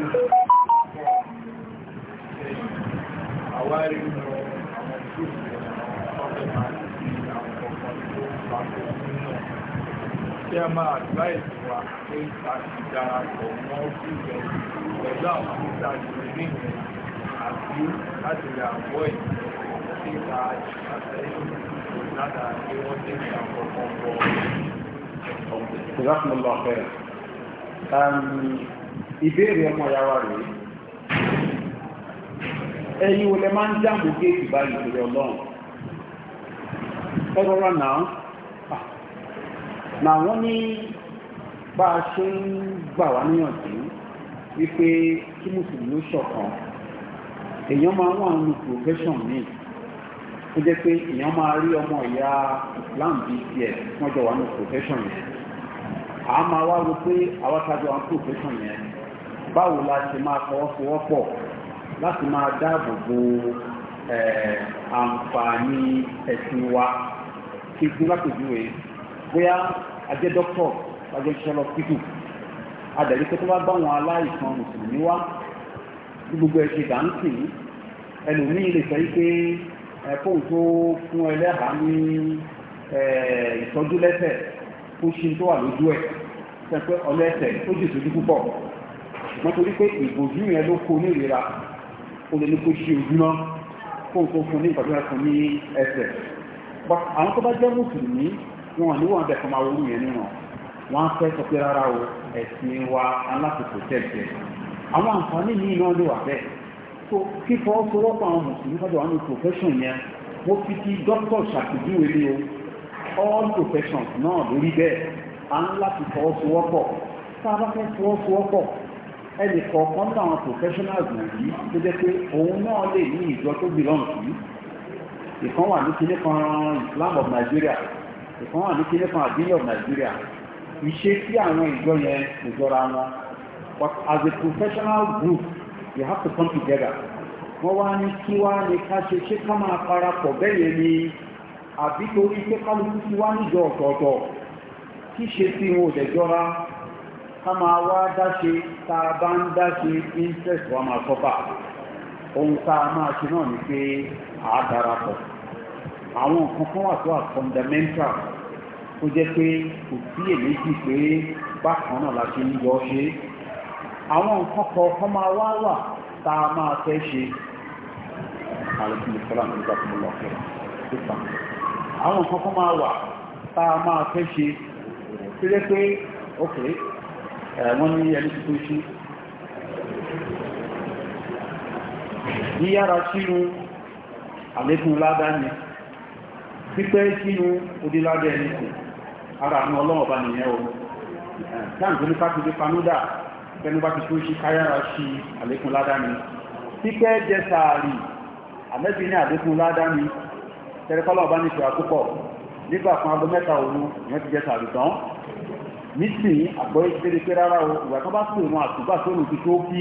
ìlú fún ọ̀hún ṣe àwárí lọ kí a máa advice wa pé a ti darapọ̀ mọ́ ìgbẹ́ pẹ̀lú àwọn títà ìlú nìyẹn àti láti lè àwọ̀ ìgbẹ́ títa àtẹ́yìn lára pé wọ́n ti ní àkọ́kọ́ bọ̀. ìbéèrè ọmọ ìyá wa rèé ẹ̀yin olè máa ń jáàmù géètì báyìí ìpìlẹ̀ ọlọ́run ẹgbọ́ra náà na ah. wọ́n ní bá a ṣe ń gbà wá níyànjú wípé kí mùsùlùmí ó ṣọ̀kan èèyàn máa wà nínú profession míì tó jẹ́ pé èèyàn máa rí ọmọ ìyá Islam bíi tiẹ̀ wọ́n jọ wà nínú profession yẹn à á máa wá wo pé àwọn tájọ àwọn profession yẹn báwo la ṣe máa fọwọ́sowọ́pọ̀ láti máa dáàbò bo àǹfààní ẹ̀sìn wa kí n gbọ́n lápèjúwe bóyá ajẹ́ dókítọ̀ ajẹ́ ìṣẹ́lọ pítù adàbí pé tó bá bá wọn aláìsàn mùsùlùmí wá bí gbogbo ẹ̀ ṣe dà ń sìn ẹlòmíì lè sọ pé fóun tó fún ẹlẹ́hàá ní ìtọ́jú lẹ́sẹ̀ kó ṣe tó wà lójú ẹ̀ sẹ́pẹ́ ọlẹ́sẹ̀ ó jù sójú púpọ̀ wọ́n torí pé ìbòjú yẹn ló kó ní ìlera olè kó ṣe òjúmọ́ fún nǹkan fún ní ìgbàdúrà kan ní ẹsẹ̀ àwọn tó bá jẹ́ mùsùlùmí wọn ní wọn bẹ̀ẹ̀ kan máa wọ́n yẹn nínú wọn á fẹ́ sọ pé rárá o ẹ̀sìn wa alákòókò tẹ̀sẹ̀ àwọn àǹfààní yìí náà lè wà bẹ́ẹ̀ so fífọ́ sọ́wọ́pọ̀ àwọn mùsùlùmí fọ́jọ́ àwọn profession yẹn mo fi ti doctor ṣàpèjúwe ní o all professions náà lórí bẹ́ẹ̀ à ń láti fọwọ́sowọ́pọ̀ tá a bá fẹ́ fọwọ́sowọ́pọ̀ ẹnì kọ̀ọ̀kan ní àwọn professionals wọ̀nyí tó jẹ́ pé òun náà lè ní ìjọ tó belong sí ìkan wà ní kíní kan Islam of Nigeria ìkan wà ní kíní kan adini of Nigeria ìṣe sí àwọn ìjọ yẹn kò jọra wọn but as a professional group you have to come together wọ́n wá ní kí wá ní ká ṣe ṣé ká máa parapọ̀ bẹ́ẹ̀ yẹn ni àbí torí pé kálukú ti wá níjọ ọ̀tọ̀ọ̀tọ̀ kí ṣe sí wọn ò dẹ̀ jọra ká máa wá dáṣe tá a bá ń dáṣe interest wa máa sọ́fà ohun tá a máa ṣe náà ni pé a darapọ̀ àwọn nǹkan kan wà tó wà fundamental tó jẹ́ pé kò sí èméjì pé bákan náà la ṣe ń yọ ṣe àwọn nǹkan kọ̀ọ̀kan máa wá wà tá a máa fẹ́ ṣe àwọn nǹkan kan máa wà tá a máa fẹ́ ṣe tó jẹ́ pé okay wọ́n ní ẹni tó ṣí yíyára sínú àlékún ládáni pípẹ́ sínú odíládẹ́ ẹni kù ara àwọn ọlọ́wọ̀ bá nìyẹn o láàrín tó ní káàkiri pé panúdà pẹ̀lú bá ti tó ṣí káyára sí àlékún ládáni pípẹ́ jẹ sàárì àmẹ́bí ní àlékún ládáni tẹ́rẹ́kọ́lọ̀ bá ní ìṣòro àkópọ̀ nígbà kan abọ́ mẹ́ta òru ìyẹn ti jẹ sàárì tán nísìnyí àgbọ̀yé pérépé rárá o ìgbà tó bá pè wọn àtúgbà tó lù tó kí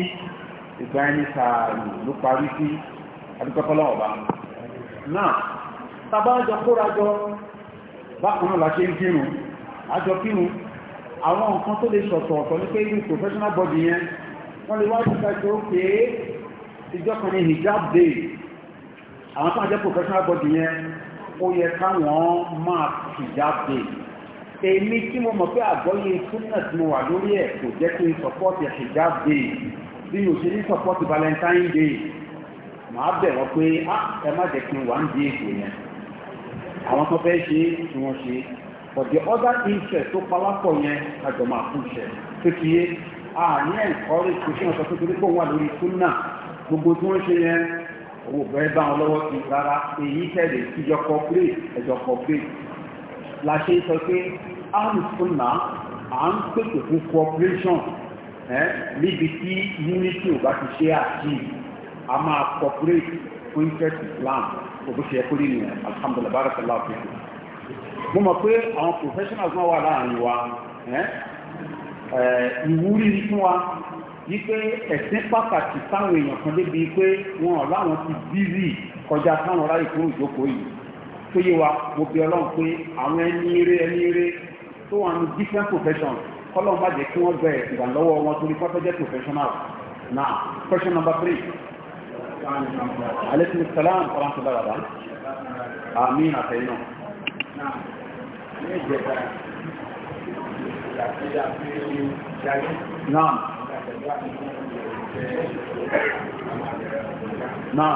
ìgbà ẹni sàárì ló parí sí adúpẹ́kọ́lá ọ̀bá náà tàbájọ kórajọ bákan náà láṣẹ ń kírun àjọ kírun àwọn nǹkan tó lè sọ̀tọ̀ ọ̀tọ̀ ní pé ní professional body yẹn wọ́n lè wá ìgbàjọ pé ìjọ kan ní hijab day àwọn tó àjẹ́ professional body yẹn ó yẹ káwọn máa hijab day èmi tí mo mọ̀ pé àgbọ́yé súnà tí mo wà lórí ẹ̀ kò jẹ́ kí n sọpọ́tì hijab day bí mo ṣe ní sọpọ́tì valentine day màá bẹ̀rọ pé ah, ẹ má jẹ́ kí n wà ń di èkó yẹn àwọn tó fẹ́ ṣe tí wọ́n ṣe for the other interest tó palápọ̀ yẹn àjọ máa fún iṣẹ́ tó ti yé a ní ẹ̀kọ́rí kò sí ọ̀sán tó torí pé òun wà lórí súnà gbogbo tí wọ́n ṣe yẹn òun ò bẹ́ẹ̀ bá wọn lọ́wọ́ sí rárá èyí tẹ̀lé ìjọ kọ̀ọ̀pẹ́ ẹ̀jọ̀ kọ̀ọ̀pẹ́ la ṣe sọ pé alùsùnà à ń pètè fún cooperation níbi tí unity ò bá ti ṣe àti a máa cooperate fún interest Islam òbúṣe ẹkúrí nìyẹn alhamdulillah barakallahu fiikum mo mọ̀ pé àwọn professionals náà wà láàrin wa ìwúrí fún wa wípé ẹ̀sìn pàtàkì táwọn èèyàn kan débi pé wọn ò láwọn ti bízì kọjá táwọn ráyè kúrò ìjókòó yìí kó yé wa mo bẹ ọlọ́run pé àwọn ẹni eré ẹni eré tó wà ní different profession kọ́lọ́run bá jẹ́ kí wọ́n bẹ̀ ìgbàlọ́wọ́ wọn torí pátá jẹ́ professional now question number three aleykum salaam wa rahmatulah wa rahmatulah àmín àtẹ̀yìn náà. Naam. Naam.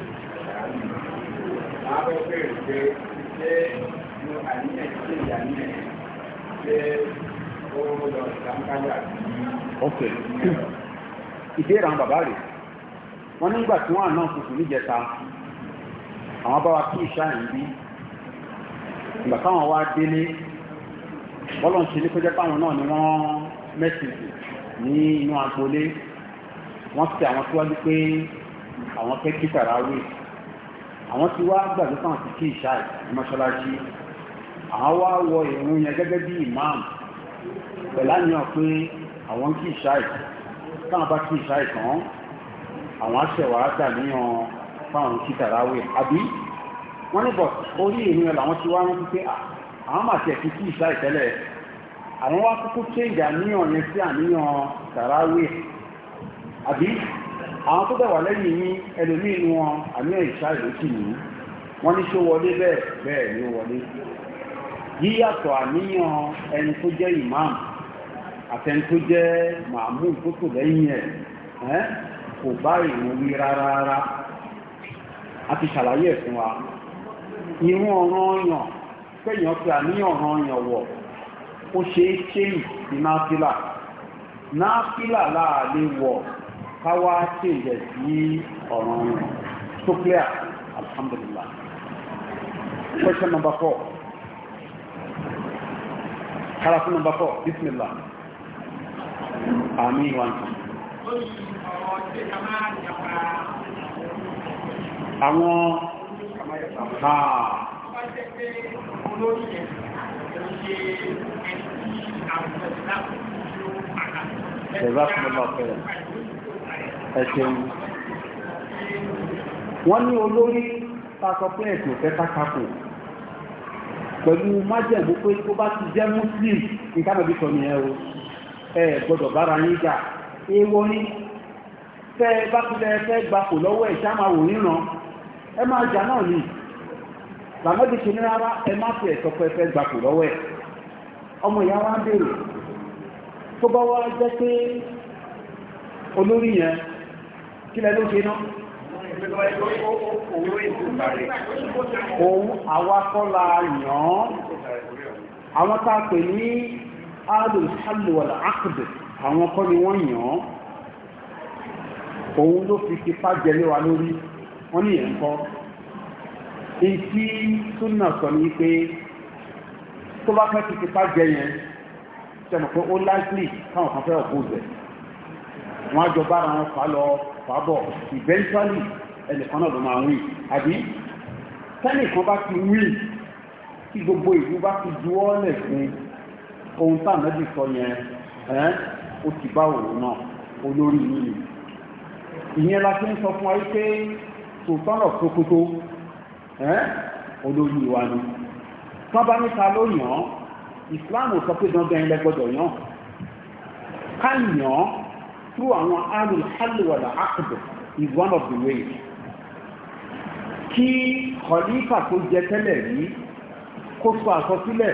máa bẹ́ bẹ̀rẹ̀ pé ṣé mo àníyàn ṣe ìyàníyàn ok ìbéèrè àwọn bàbá nígbà tí tuntun níjẹta àwọn bá wa kí bí ìgbà táwọn wá délé bọ́lọ̀ náà ni wọ́n mẹ́sìlì ní inú agbolé wọ́n ti àwọn pé àwọn fẹ́ kí àwọn ti wá gbàgbé fún àti kí ìṣá ẹ̀ mọ́ṣáláṣí àwọn wá wọ ìrún yẹn gẹ́gẹ́ bí ìmáàmù pẹ̀lá ni ọ̀ pé àwọn kí ìṣá ẹ̀ táwọn bá kí ìṣá ẹ̀ tán àwọn aṣẹ̀wà àdàníyàn fáwọn kí tàràwé àbí wọ́n ní bọ̀ orí ìrún yẹn làwọn ti wá rántí pé àwọn màtí ẹ̀ ti kí ìṣá tẹ́lẹ̀ àwọn wá kúkú change àníyàn yẹn sí àníyàn tàràwé àbí àwọn tó dẹ̀wà lẹ́yìn ní ẹlòmí inú wọn àmì ìṣá ìlókì yìí wọ́n ní ṣó wọlé bẹ́ẹ̀ bẹ́ẹ̀ ni wọlé yíyàtọ̀ àníyàn ẹni tó jẹ́ imam àtẹni tó jẹ́ màmú tó tò lẹ́yìn ẹ̀ kò bá ìrun wí rárá rárá a ti ṣàlàyé ẹ̀ fún wa ìrun ọ̀ràn ọ̀yàn pẹ̀yàn pé àníyàn ọ̀ràn ọ̀yàn wọ̀ ó ṣe é ṣe ìnáfílà náfílà láàlè wọ̀ káwá ṣèjẹ̀ sí ọ̀ràn rẹ̀ so clear alhamdulillah question number four karafu number four bismillah àmì ìwà nǹkan. àwọn ha Jazakumullah khairan. ẹ̀ṣẹ̀wò wọ́n ní olórí pàṣọ pé ẹ̀sìn òfẹ́ pátákò pẹ̀lú májẹ̀mú pé tó bá ti jẹ́ muslim ní àbí sọ nìyẹn o ẹ gbọ́dọ̀ bára yín jà ni fẹ́ bá ti lẹ fẹ́ gbapò lọ́wọ́ máa wò ẹ máa jà náà ni làmọ́dé ṣe ní rárá ẹ má kílẹ̀ ló ṣe náà òun àwakọ́lá yàn àwọn tá a pè ní alùsàlùwàlà àkùdù àwọn kọ́ ni wọ́n yàn òun ló fi tipa jẹlé wa lórí wọ́n ní yẹn kọ́ ìtí súnà sọ ní pé tó bá fẹ́ fi tipa jẹ yẹn tẹ̀mọ̀ pé ó láìpẹ́ káwọn kan fẹ́ ọ̀pọ̀ òzẹ̀ wọ́n á jọ bára wọn fà lọ fà bọ̀ eventually ẹnìkan náà ló máa wí àbí tẹ́nìkan bá ti wí tí gbogbo ìlú bá ti juwọ́ lẹ̀ fún ohun tá ànábì sọ yẹn ẹ́ ó ti bá òun náà olórí ìlú ni ìyẹn la fi ń sọ fún wa wípé tòótọ́nà sokoto ẹ́ olórí wa ni tọ́ba níta ló yàn án ìsìláàmù sọ pé dandan ilẹ̀ gbọ́dọ̀ yàn án ká yàn án through àwọn alul halwala akudu is one of the ways kí kọlífà tó jẹ tẹ́lẹ̀ yìí kó sọ àkọsílẹ̀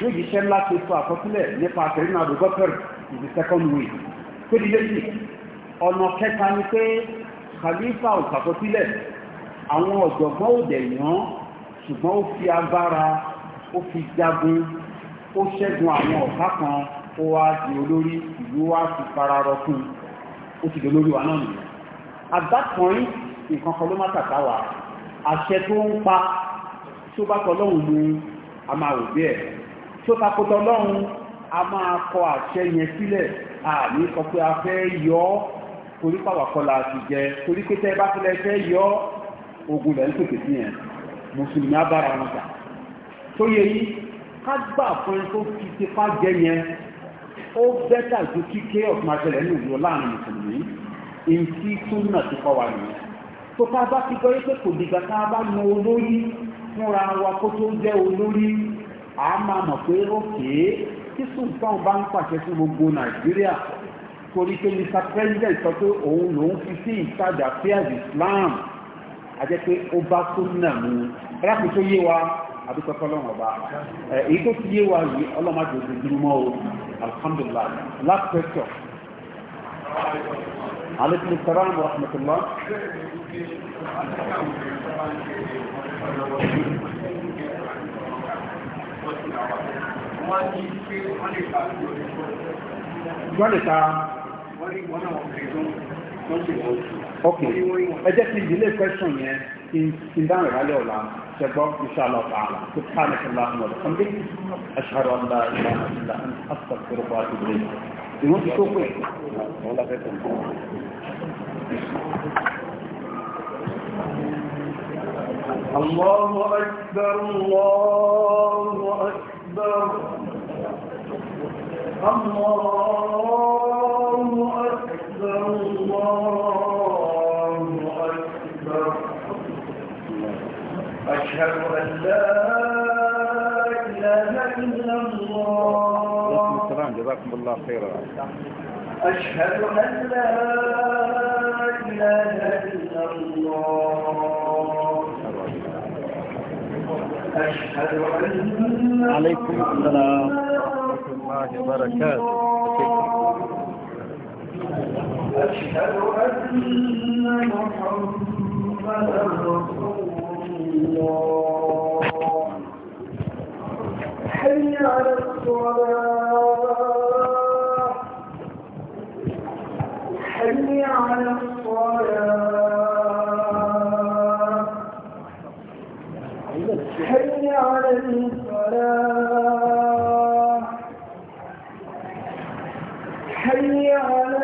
lójì iṣẹ́ ńlá tó sọ àkọsílẹ̀ nípa àtẹ̀rínà àdúgbọ́tẹ̀r is the second way tó di méjì ọ̀nà kẹta ni pé kọlífà ò sàkọsílẹ̀ àwọn ọ̀jọ̀gbọ́n ò dẹ̀ ṣùgbọ́n ó fi agbára ó fi jagun ó ṣẹ́gun àwọn ọ̀tá kan ó wá di olórí ìlú wá fi fara rọ fún ó ti di olórí wa náà nìyẹn at that point nǹkan kan ló má tàkà wá àṣẹ tó ń pa tí ó bá kọ lọ́hùn mu a máa wò bí ẹ̀ tí ó takò tọ́ lọ́hùn a máa kọ àṣẹ yẹn sílẹ̀ àní sọ pé a fẹ́ yọ ọ́ torí pàwàkọ́lá ti jẹ torí pé tẹ́ bá tilẹ̀ fẹ́ yọ ogun lẹ̀ ń pèsè sí yẹn mùsùlùmí abára wọn jà tó yẹ yí ká gbà fún ẹni tó fi tipa jẹ yẹn ó bẹ́tà ju kíkẹ́ ọ̀túnmáṣẹlẹ̀ ní òwúrọ̀ láàrin mùsùlùmí èyí tún náà ti kọ́ wa nìyẹn tó ká bá ti gbọ́ pé kò dìgbà tá a bá mọ olórí fúnra wa kó tó jẹ́ olórí a máa mọ̀ pé ókè tí sultan bá ń pàṣẹ fún gbogbo nàìjíríà torí pé mr president sọ pé òun lòún fi sí ìtajà affairs islam àti pé ó bá tún náà mú ẹ láti tó yé wa adúpẹ́ fọlọ́wọ́n ọba èyí tó ti yé wa yìí ọlọ́mọdé ti dúró mọ́ o alhamdulilah last question. aleykum salaam wa rahmatulah. wọ́n lè ta. ok ẹ jẹ́ kí n delay question yẹn. في دعم العلي شباب إن شاء الله تعالى سبحانك اللهم وبحمدك أشهد أن لا إله إلا أنت أستغفرك وأتوب إليك يموت شوفي الله أكبر الله أكبر الله أكبر الله أشهد أن لا إله إلا الله السلام جزاكم الله خيرا أشهد أن لا إله إلا الله أشهد أن عليكم السلام ورحمة الله وبركاته أشهد أن محمدا رسول الله الله حي على الصلاة حي على الصلاة حي على الصلاة حي على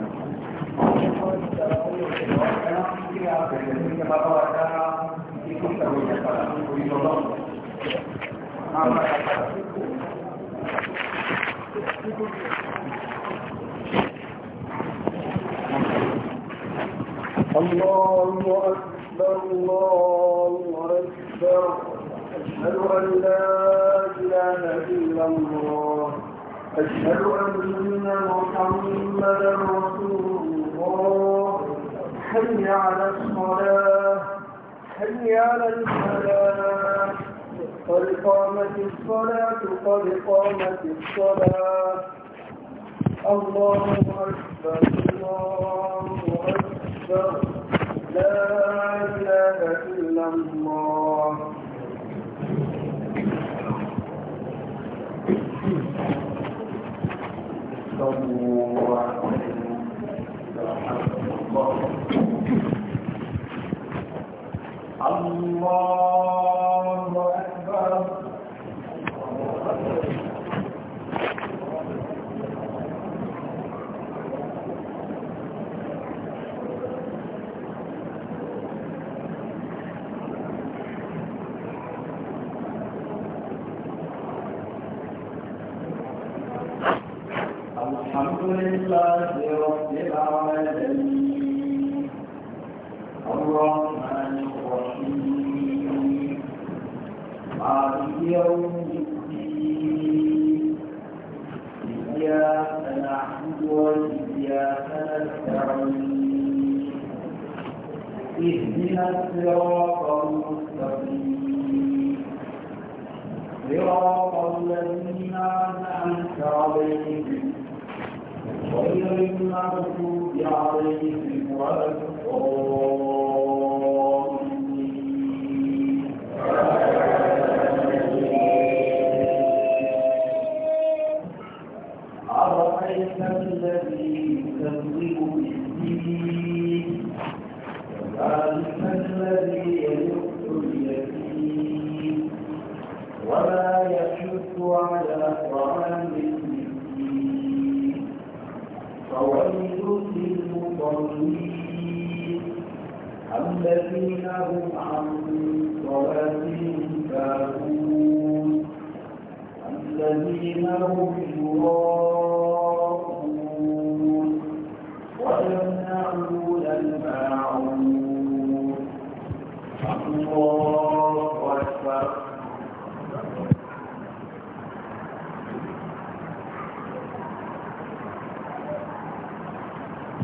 الله أكبر الله أكبر أشهد أن لا إله إلا الله أشهد أن محمدا رسول الله حي على الصلاة حي على الفلاح قد قامت الصلاة قد قامت الصلاة الله أكبر الله أكبر لا إله إلا الله صلوا عليه الله الحمد لله رب العالمين الرحمن الرحيم مالك يوم الدين إياك نعبد وإياك نستعين اهدنا الصراط المستقيم صراط الذين أنعمت غير المغضوب عليهم ولا الضالين وويل للمصلين الذين هم عن صلاتهم ساهون الذين هم يراءون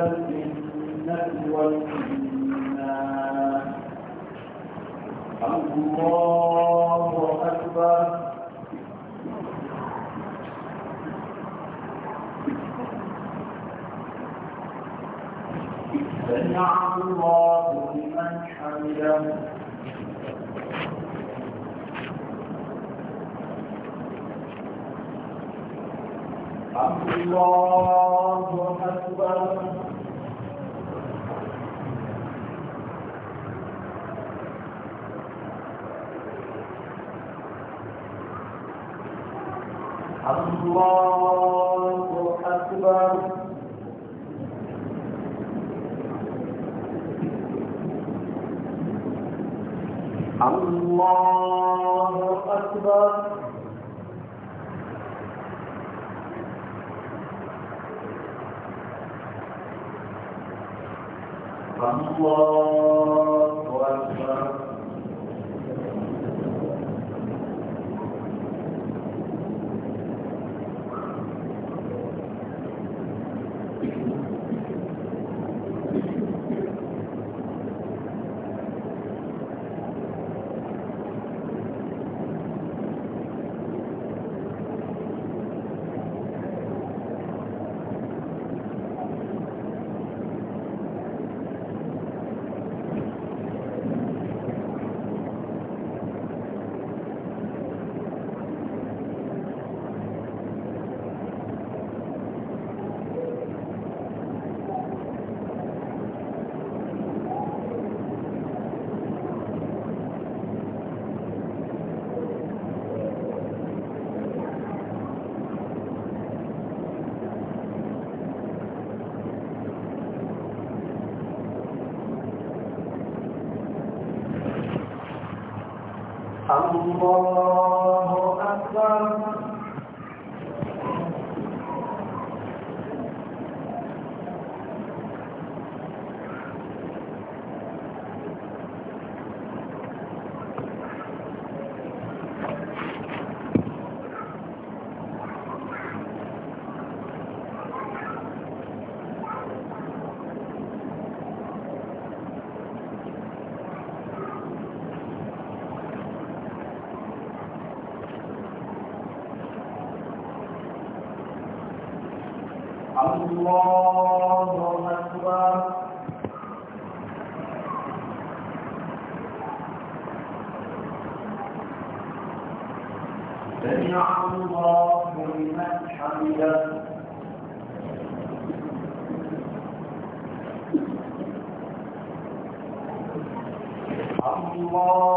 الجنة والنار الله أكبر سمع الله لمن حمده الله أكبر الله أكبر الله أكبر الله الله أكبر سمع الله لمن حمده الله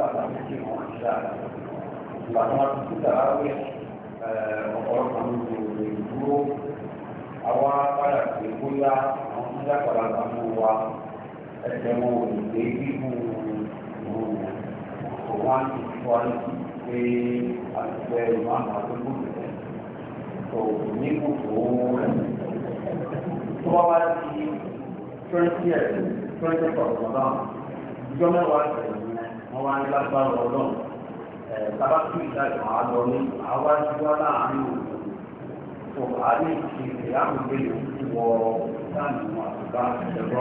Ìgbàgbọ́n ti kú tàbí ọ̀pọ̀lọpọ̀ lóṣù ìdúró àwọn apáyà pé bóyá àwọn tó dákọ̀lá gbàgbọ́ wa ẹsẹ̀ wọn ò lè dé bíbú òun kò wá ní ìfọ́ àti pé àtúntò ẹ̀rọ máa máa tó gbòòrò rẹ̀ tó ní gbòòrò owó rẹ̀. tó bá wá twenty years twenty years of ọ̀dọ́ ìjọ mẹ́wàá tẹ̀lé wọ́n wá ní lágbára ọlọ́run bàbá tó ìdájọ́ àlọ́ ní àwa ti wá láàrin òkú tó a lè ṣe ìyáàmùgbé yòókù wọ láàrin àtúgbà ìṣẹ̀rọ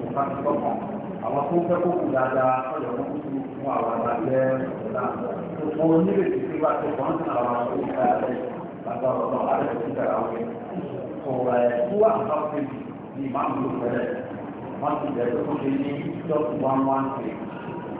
òkúta tó tọ́kàn àwọn tó fẹ́ kókò dáadáa ọ̀yọ́ kó kú fún àwọn àgbàgbẹ́ ọ̀la mo nírètí pé wá tó kàn sí àwọn àwọn ìdájọ́ lágbára ọlọ́run á lè fi dára wẹ́ kò ẹ̀ tó wà nípa pé ní ìmáàmù ló fẹ́rẹ̀ wọ́n ti bẹ̀rẹ̀ tó ṣe ní ìjọ́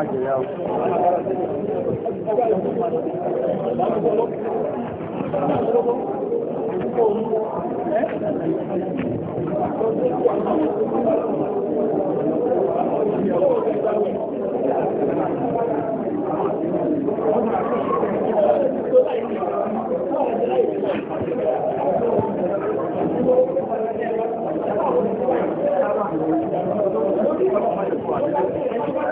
má jẹ̀yà o. Thank you.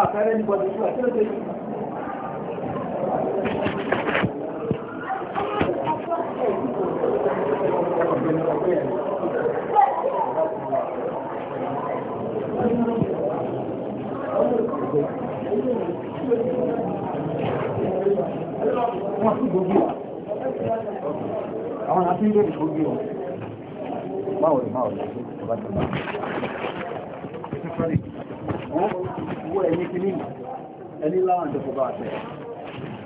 Àfẹ́rẹ́ nígbọ́dé fún ẹ̀kẹ́lẹ́